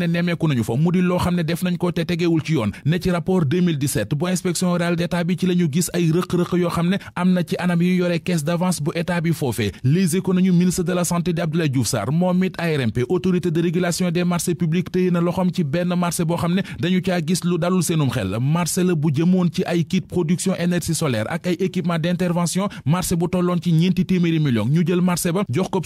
ne nemmeeku nañu fa mu di loo xam ne def nañ ko te tegewul ci yoon ne ci rapport bu inspection générale d'état bi ci la gis ay rëq-rëq yoo xam ne am na ci anam yu yore caisse d'avance bu état bi foofee Les Échos nañu ministre de la santé di Abdoulaye Diouf Sarr moom it ARMP autorité de régulation des marchés publics téye na loxoom ci benn marché boo xam ne dañu caa gis lu dalul seenum xel marché la bu jëmoon ci ay kit production énergie solaire ak ay équipement d'intervention marché bu tolloon ci ñeenti téeméeri millions ñu jël marché ba jox ko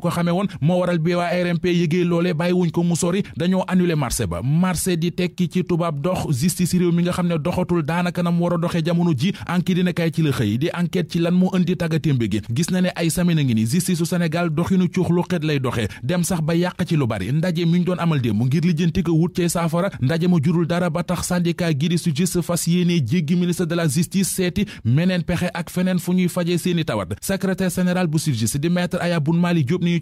ko ko xamee woon moo waral bi waa RMP yëgee loolee bàyyi wuñ ko mu sori dañoo annulé marché ba marché di tekki ci tubaab dox justice réew mi nga xam ne doxatul daanaka nam war a doxee jamono ji enquête dina kay ci la xëy di enquête ci lan moo indi tàggatémbe gi gis na ne ay semaine ngi ni justice su Sénégal doxinu cuux lu lay doxee dem sax ba yàq ci lu bari ndaje mi ñu doon amal démb ngir lijjanti ko wut cee saafara ndaje ma jurul dara ba tax syndicat gi di SYTJUST fas yéene jéggi ministre de la justice seeti meneen pexe ak feneen fu ñuy fajee seeni tawat secrétaire général bu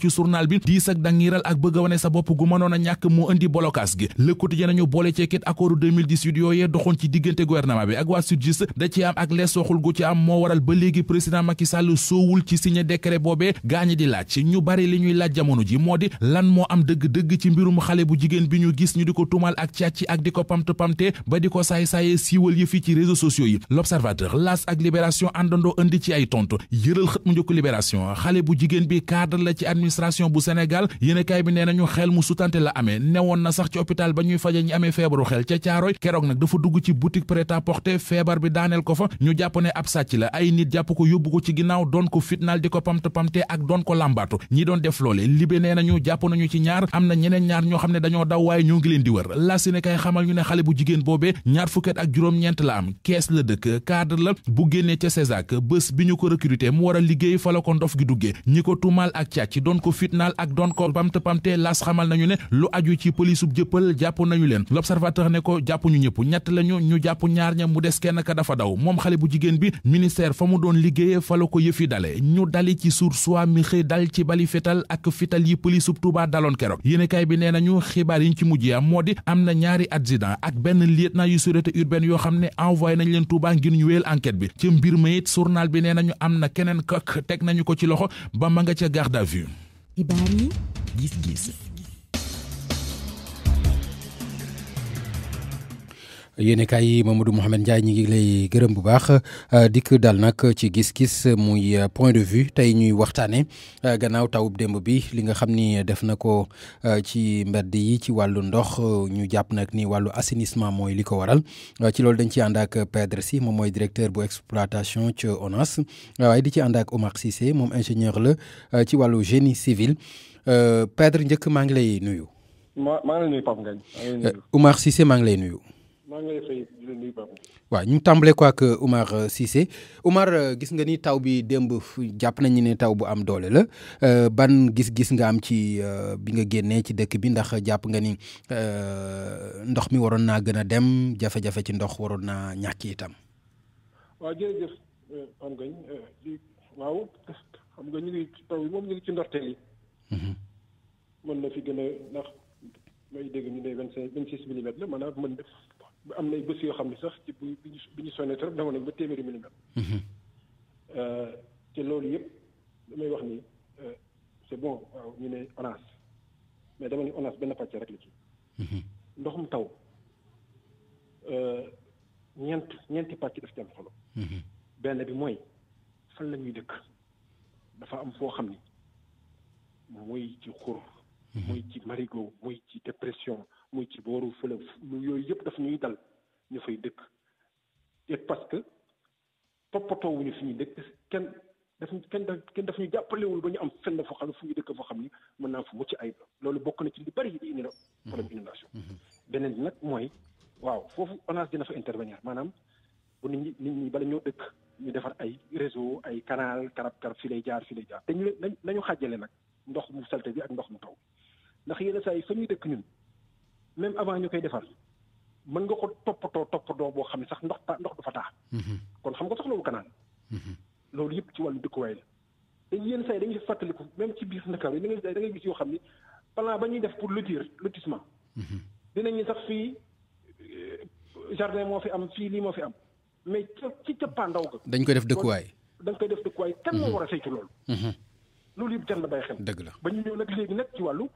ci journal bi diis ak ak bëgg wane sa bopp gu mënoon a ñàkk moo indi blocage gi le quotidien nañu boole ceekit accord 2018 doxoon ci diggante gouvernement bi ak waa sudjust da ci am ak lees waxul gu ci am moo waral ba léegi président Macky soowul ci signé décret boobee gaañi di laaj ñu bari li laaj jamono ji moo di lan moo am dëgg-dëgg ci mbirum xale bu jigéen bi ñu gis ñu di ko tumal ak càcc ak di ko pamte pamte ba di ko saay-saaye yi l'observateur las ak libération àndandoo indi ci ay tontu administration bu Sénégal yéenekaay bi nee nañu xel mu sutante la amee newoon na sax ci hôpital ba ñuy faje ñi amee feebaru xel ca Caaroy keroog nag dafa dugg ci boutique prêt à feebar bi daaneel ko fa ñu jàpp ne ab sàcc la ay nit jàpp ko yóbbu ko ci ginnaaw doon ko fitnaal di ko pamte pamte ak doon ko làmbaatu ñi doon def loole libe nee nañu jàpp nañu ci ñaar am na ñeneen ñaar ñoo xam ne dañoo daw waaye ñoo ngi leen di wër la Sénégal xamal ñu ne xale bu jigéen boobee ñaar fukket ak juróom-ñeent la am kees la bi ñu ko recruté mu war a liggéey fa la ko doon ko fitnaal ak doon ko pamte pamte las xamal nañu ne lu aju ci pëlisub jëppal jàpp nañu leen l'observateur ne ko jàpp ñu ñëpp ñett lañu ñu jàpp ñaar ña mu des kenn ka dafa daw moom xale bu jigéen bi ministère fa mu doon liggéeye fa ko yëfi dale ñu dali ci suur soi mi xëy dal ci bali fetal ak fital yi pëlisub Tuuba daloon keroog yéenekaay bi nee nañu xibaar yi ñu ci mujj am moo di am na ñaari adjudant ak benn lieutenant yu sûreté urbaine yoo xam ne envoyé nañ leen Tuuba ngir ñu wéyal bi ci mbir ma it journal bi nee nañu am na keneen teg nañu ko ci loxo ba ma nga ca garde à Dibani Gis Gis yéenekaay yi Mamadou Mohamed Ndiaye ñi ngi lay gërëm bu baax euh, dikk dal nak ci gis-gis muy euh, point de vue tay ñuy waxtane euh, gannaaw tawub démb bi li nga xamni def na ko ci mbedd yi ci walu ndox ñu japp nak ni walu assainissement moy liko waral ci loolu dañ ci ànd ak Pedre Si mom moy directeur bu exploitation ci ONAS way di ci ànd ak Omar Cissé mom ingénieur le ci walu génie civil Pedre njëkk ma ngi lay nuyu. ma ngi lay nuyu Pape Ngagne. Omar Cissé ma ngi lay nuyu. waaw ñu tàmbalee ko ak euh, Oumar euh, Cissé Oumar euh, gis nga ni taw bi démb jàpp nañu ne taw bu am doole la ban gis-gis nga am ci bi nga génnee ci dëkk bi ndax jàpp nga ni ndox mi waroon naa gën a dem jafe-jafe ci ndox waroon naa ñàkk itam. waaw jërëjëf am ngañ ñu ngi ci taw bi yi. Mhm. na fi am nay bés yoo xam ne sax ci bu bi ñu sonnee trop demoon nañ ba téeméeri milimètre mhm. euh, te loolu yëpp damay wax ni euh, c'est bon waaw ñu ne ONAS mais dama ni ONAS benn pàcc rek la ci mhm. ndoxum taw euh, ñeent ñeenti pàcc daf ci am solo mhm. benn bi mooy fan la ñuy dëkk dafa am foo xam ni mooy ci xur mooy ci marigot mooy ci dépression muy ci booru fële lu yooyu yëpp daf ñuy dal ñu fay dëkk et parce que toppatoo wuñu fi ñuy dëkk kenn daf kenn kenn daf ñu jàppalewul ba ñu am fenn foo xam ne fu ñu dëkk foo xam ni mën naa fu mucc ayib la loolu bokk na ci lu bari yi di indi la problème inondation beneen bi nag mooy waaw foofu ONAS dina fa intervenir maanaam bu nit ñi nit ñi bala ñoo dëkk ñu defar ay réseau ay canal karab karab fi lay jaar fi lay jaar dañu leen nañu xàjjale nag ndox mu salte bi ak ndox mu taw ndax yenn saa yi fa ñuy dëkk ñun même avant ñoo koy defar mën nga ko toppatoo toppatoo boo xam ne sax ndox ta ndox du fa taa. Mhm. kon xam nga soxlawul kanaan. Mhm. loolu yëpp ci wàllu dëkkuwaay la. te yenn saa yi fàttaliku même ci biir Ndakaaru yi da ngay gis yoo xam ni plan ba ñuy def pour lotir lotissement. Mhm. dinañu sax fii euh, jardin moo fi am fii lii moo fi am mais ci cappaandaw ga. dañ koy def dëkkuwaay. dañ koy def dëkkuwaay kan moo war a saytu loolu. loolu yëpp jar na bàyyi xel. dëgg la ba ñu ñëw nag léegi nag ci wàllu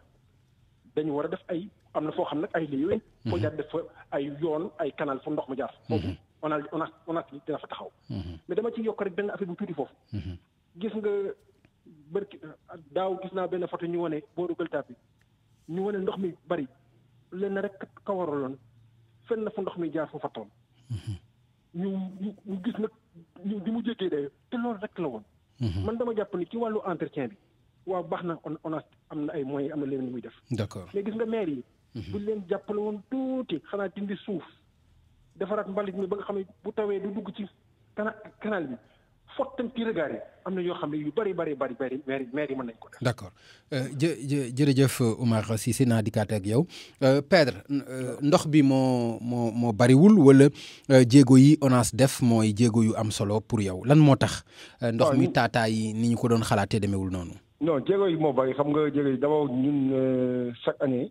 dañu war a def ay. amna fo xamne ay liwe fo daal def ay yoon ay canal fo ndox mu jaar. foofu on a on a on a dina fa taxaw. mais dama ci yokk rek ben affaire bu tuti foofu. gis nga barki daw gis na ben photo ñu woné bo dugal tapi ñu woné ndox mi bari len rek ka waraloon fenn fu ndox mi jaar fu fa ñu ñu gis nak ñu di mu jéggee dé te lool rek la woon. man dama jàpp ni ci walu entretien bi. wa baxna on on amna ay moyens amna leen ni muy def. d'accord mais gis nga maire yi. buñ leen jàppale woon tuuti xanaa dindi suuf defaraat mbalit mi ba nga xam ne bu tawee du dugg ci kana canal bi fottanti regard yi am na yoo xam ne yu bari bari bari bari maire maire yi mën nañ ko def. d' accord euh, jë jërëjëf Oumar Cissé naa dikkaat ak yow euh, Pedre euh, ndox bi moo moo moo bëriwul wala jéego yi ONAS def mooy jéego yu am solo pour yow lan moo tax. ndox mi taataa yi ni ñu ko doon xalaatee demeewul noonu. non jéego yi moo bari xam nga jéego yi d'abord ñun chaque année.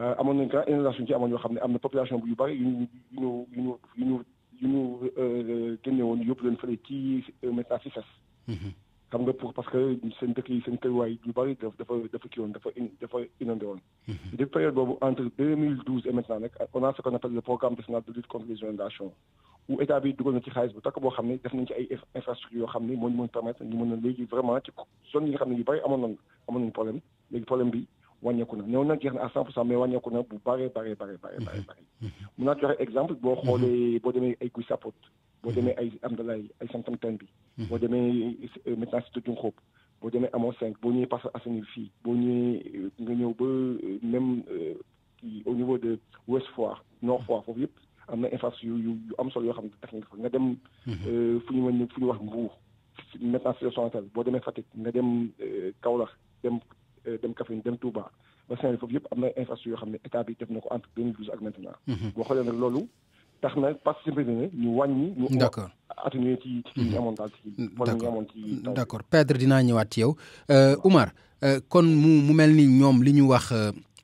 Euh, amoon nañu cas inondation ci amoon yoo xam ne am na population bu yu bëri yu ñu yu ñu yu ñu yu ñu yu ñu euh, génne woon yóbbu leen fële ci euh, maintenant si fes mhm. xam nga pour parce que seen dëkk yi seen tëywaay yu bëri dafa dafa kii woon dafa dafa inondé woon mhm. depuis période boobu entre 2012 et maintenant nag on a ce qu'on appelle le programme national de lutte contre les inondations où état bi dugal na ci xaalis bu takk boo xam ne def nañ ci ay infrastructure yoo xam ne moo ñu mën permettre ñu mën a léegi vraiment ci zone yi nga xam ne yu bëri amoon nañ amoon nañ problème léegi problème bi wàññeeku na néew na jeex na à 100% mais wàññeeku na bu bare bare bare bare bare bare mun mhm. mhm. naa joxe exemple boo mhm. xoolee boo demee ay Guy Sapot boo demee ay Amdalaay ay Santanten bi boo demee maintenant eh, si Tudjum Xóob boo demee amoo cinq boo ñëwee Parcelles Assainies fii boo ñëwee eh, nga ñëw ba eh, même au niveau de Ouest Foire Nord Foire foofu yëpp am na infrastructure yu yu am solo yoo xam ne def nañ fa nga dem fu ñu mën fu ñu wax Mbour maintenant si Sonatel boo demee Fatick nga dem Kaolack dem Euh, dem Kaffrine dem Touba ba saint yëpp am yoo xam ne état bi def na ko entre 2012 ak mhm. boo xoolee loolu tax na participer na ñu wàññi. ñu atténuer ci ci mhm. ñu amoon daal dinaa ñëwaat ci yow euh, Umar euh, kon mu mel ni ñoom li ñu wax.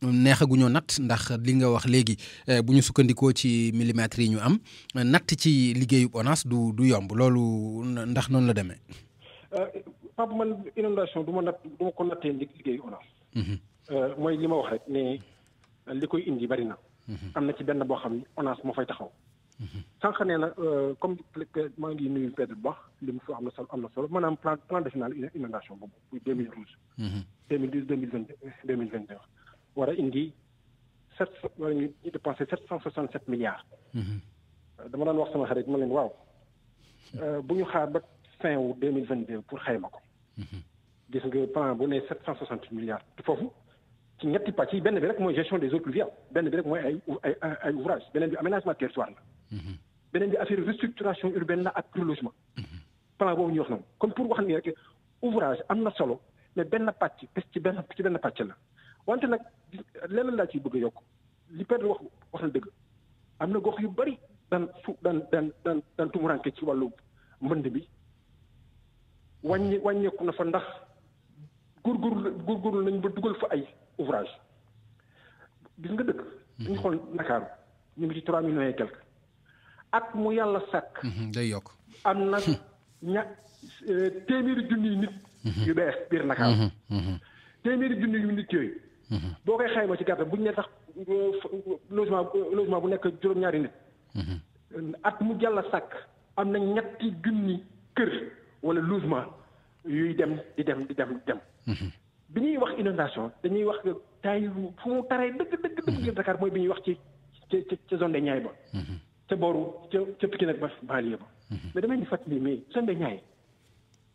neexaguñoo natt ndax li nga wax léegi bu ñu sukkandikoo ci millimètres yi ñu am natt ci liggéeyu bonas du du yomb loolu ndax noonu la demee. Pape man inondation du ma natt du ma ko nattee liggéeyu ONAS. Mhm. Euh, mooy li ma wax rek ne li koy indi bari na. Mhm. am na ci benn boo xam ne ONAS moo fay taxaw. Mhm. sànq ne na euh, comme maa ngi nuyu Pedro bu baax li mu fi am na solo am na solo maanaam plan plan décennal inondation boobu muy 2012. 2012 2022 2022 war a indi sept war a ñu dépensé 767 milliards. Euh, dama daan wax sama xarit ma leen waaw bu ñu xaar fin wu 2022 mille vingt deux pour xayma ko. Mhm. gis nga plan bu ne 760 milliards soixante fofu ci ñetti pàcc yi benn bi rek mooy gestion des eaux pluviales benn bi rek mooy ay ay ay ouvrage beneen bi aménagement territoire la. Mhm. beneen bi affaire restructuration urbaine la ak logement mhm. plan boobu ñu wax noonu comme pour wax ni rek ouvrage am na solo mais benn pàcc pes ci benn ci benn pàcc la wante nag leneen laa ciy bëgg a yokk li Pedro wax wax na dëgg am na gox yu bari daan fu dan dan dan daan tumuranke ci wàllu mbënd bi wañ wàññeeku na fa ndax góor góorgóorlu nañ ba dugal fa ay ouvrage gis nga dëkk. dañu xool Ndakaaru ñu ngi ci trois millions et quelque. at mu yàlla sàkk. Mhm, day yokk am na ña euh, téeméeri junniy nit. Mhm. yu bees biir Ndakaaru. Mhm, nit yooyu. boo koy xayma ci gàttal buñ ne tax logement bu nekk juróom-ñaari nit. at mu yàlla sàkk am na ñetti junni kër. wala lousement yuy dem di dem di dem di dem. Mhm. bi ñuy wax inondation dañuy wax taay fu mu taree dëgg dëgg dëgg biir Dakar mooy bi ñuy wax ci ci ci zone de Niayes ba. Mhm. ca booru ca ca Pikine ak ba banlieue ba. Mhm. mais damay ni fàttali mais zone de Niayes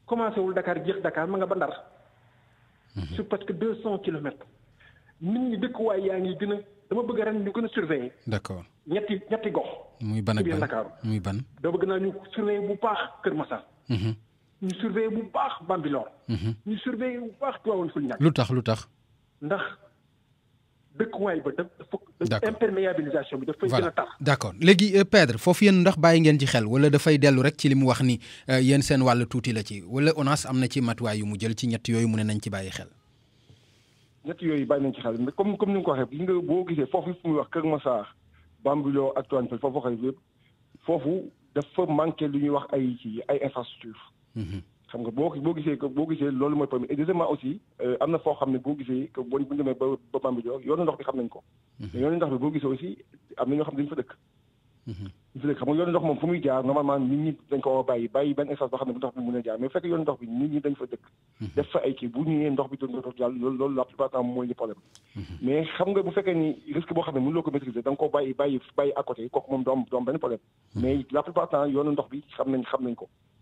commencé wul Dakar jeex Dakar ma nga ba Ndar. parce que deux cent kilomètres. nit ñi dëkkuwaay yaa ngi gën a dama bëgg ren ñu gën a surveiller. d'accord ñetti ñetti gox. muy ban ak ban Dakar. muy ban dama bëgg naa ñu surveiller bu baax Kër Massar. ñu surveiller bu baax Bambilor. Mhm. ñu surveiller bu baax Tivaouane lu tax lu tax. ndax dëkkuwaay ba dafa. imperméabilisation bi dafay gën a tax. d' accord léegi euh, Pedre foofu yéen ndax bàyyi ngeen ci xel wala dafay dellu rek ci li mu wax ni euh, yéen seen wàll tuuti la ci wala ONAS am na ci matuwaay yu mu jël ci ñett yooyu mu ne nañ ci bàyyi xel. ñett yooyu bàyyi nañ ci xel mais comme comme ni nga ko waxee li nga boo gisee foofu fu muy wax Kër Massar Bambilor ak Tivaouane Peulh foofu waxee yëpp foofu dafa manqué lu ñuy wax ay ci ay infrastructure xam nga boo boo gisee boo gisee loolu mooy problème et deuxièmement aussi euh, am na foo xam ne boo gisee que buñ demee ndox ko. Mhm. boo am na xam ne mhm. ko bàyyi bàyyi benn espace boo xam ne bu ndox bi mën a jaar mais fekk yoonu ndox bi nit ñi dañ fa dëkk. Mhm. def fa ay kii loolu la plupart temps mooy li problème. mais xam nga bu boo xam ne mënuloo ko maîtriser da nga koo bàyyi bàyyi bàyyi à côté kooku moom doom temps yoonu ndox bi xam nañ xam nañ ko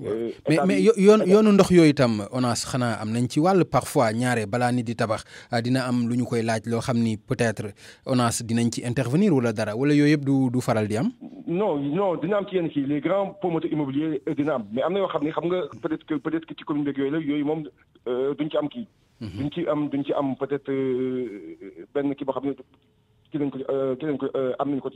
Euh, mais mais yoon yoonu ndox yooyu itam ONAS xanaa am nañ ci wàll parfois ñaare balaa nit di tabax ah, dina am lu ñu koy laaj loo xam ni peut-être ONAS dinañ ci intervenir wala dara wala yooyu yëpp du du faral di am. non non dina am ci yenn kii les grands promoteurs immobiliers euh, dina am mais am na yoo xam ne xam nga peut-être que peut-être que ci commune beeg yooyu la yooyu moom euh, duñ ci am kii. Mhm. duñ ci am duñ ci am peut-être benn kii boo xam ne. ci uh, lañ uh, ko ci lañ ko am nañ ko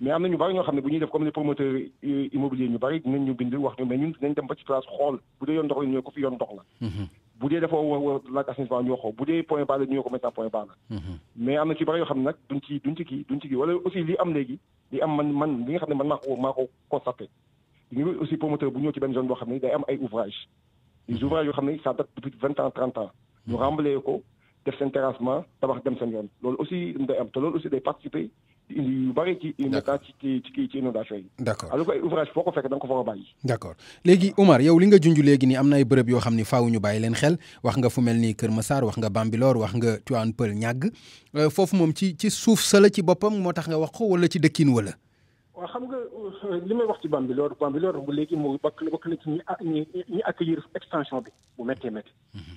mais am bari ñoo bu ñuy def comme les promoteurs immobiliers ñu bari ñu bind wax ñu mais ñun dem ba ci place xol bu dé ko fi mhm. bu dafa bu point bas ñoo ko point mhm. mais ci bari duñ ci duñ ci duñ ci wala aussi li am am man man nga man aussi promoteur bu ci zone day am ay les ouvrages mhm. yo ça date depuis vingt ans 30 ans ñu ko def seen terrassement tabax dem seen yoon loolu aussi day am te loolu aussi participer indi yu bëri ci état ci ci ci inondation ay ouvrage foo ko fekk da nga ko foo ko bàyyi d'accord léegi Omar yow li nga junj léegi nii am na ay bërëb yoo xam ni faaw ñu bàyyi leen xel wax nga fu mel ni Kër Massar wax nga Bambilor wax nga Tivaouane Peulh ñàgg euh, foofu moom ci ci suuf sala ci boppam moo tax nga wax ko wala ci dëkkin wala waaw xam nga euh, li may wax ci Bambilor Bambilor bu léegi moo bokk bokk na ci ñi accueillir bi bu méttee mhm.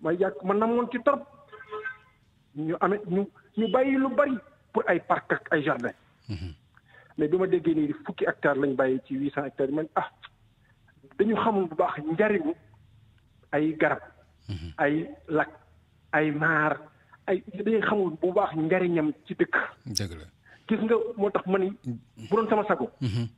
ma yàgg ma namoon ci trop ñu amee ñu ñu bàyyi lu bari pour ay parc ay jardin mhm. mais bi ma déggee nii fukki hectares lañu bàyyi ci huit cent hectares man ah dañu xamul bu baax njariñu ay garab mhm. ay lakk ay maar ay dañu xamul bu baax njariñam ci dëkk gis nga moo tax ma ni bu doon sama sago mhm.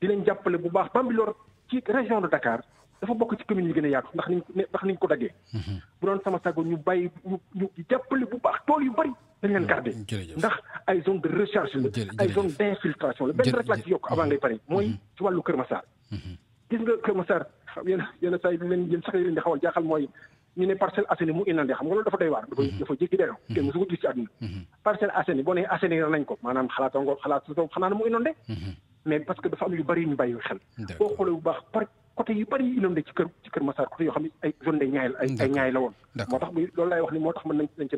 di leen jàppale bu baax Bambilor ci région de dakaar dafa bokk ci commune yi gën a yaatu ndax niñ ko daggee. Mhm. bu doon sama sago ñu bàyyi ñu jàppale bu baax tool yu bari dañ leen garder mm, ndax ay zone de recharge la ay zone la benn rek laa ci yokk avant ngay pare mooy mhm. ci wàllu Kër Massar mhm. gis nga Kër Massar yenn yenn saa ne mu inondé mais parce que dafa am yu bari ñu bàyyi xel boo xoolee bu baax côté yu bëri inondé ci kër ci kër yoo xam ne ay zone la woon. moo tax loolu laay wax ni moo tax mën nañ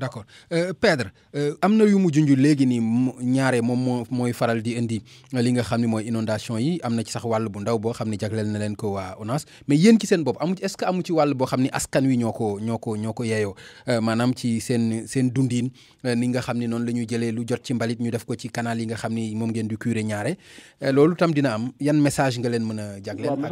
d' accord euh, Pedre euh, na yu mu junj léegi nii ñaare moom moo mooy faral di indi li nga xam ne mooy inondation yi am na ci sax wàll bu ndaw boo xam ne jagleel na leen ko waa ONAS mais yéen ci seen bopp amu ci est ce que amu wàll boo xam ne askan wi ñoo ko ñoo ko ñoo ko yeeyoo euh, maanaam ci seen seen dundin ni nga xam ne noonu la ñuy jëlee lu jot ci mbalit ñu def ko ci canal yi nga xam ne moom ngeen di curé ñaare loolu tam dina am yan message nga leen mën a jagleel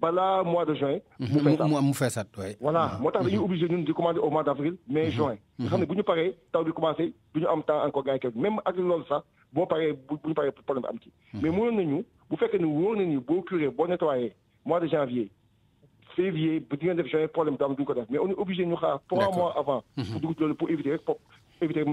bala mois de juin. mu feesat mu voilà moi t'as dañuy mhm. obligé ñun di commander au mois d'avril mai mhm. juin. nga xam ne mhm. bu ñu paree taw bi commencé du am temps encore gars yi même ak loolu ça boo paree bu ñu problème am ci. mais mënoon nañu bu fekkee ne wóor nañu boo curé bon nettoyer mois de janvier février ba di juin problème du am du ko mais on est obligé ñu xaar. trois mois avant. pour pour éviter éviter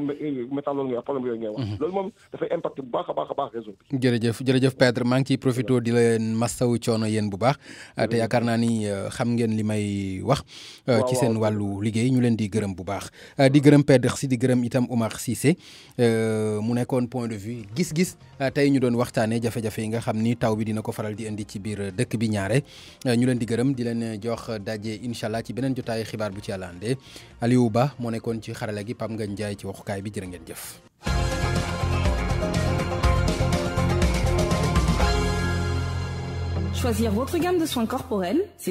métallol nga problème yooyu ngay wax loolu moom dafay impact bu baax a baax réseau jërëjëf jërëjëf Pedre maa ngi profito di leen massawu coono yéen bu baax ah, te yaakaar naa ni euh, xam ngeen li may wax euh, ci seen wàllu liggéey ñu leen di gërëm bu baax ah, di gërëm Pedre si di gërëm itam Oumar Cissé euh, mu nekkoon point de vue gis-gis ah, tey ñu doon waxtaanee jafe-jafe yi nga xam ni taw bi dina ko faral di indi ci biir dëkk bi ñaare ñu leen di gërëm di leen jox daje incha allah ci beneen jotaay xibaar bu ci yàlla àndee Aliou Ba moo nekkoon ci xarala gi Pam Ngagne Ndiaye Choisir votre gamme de soins corporels.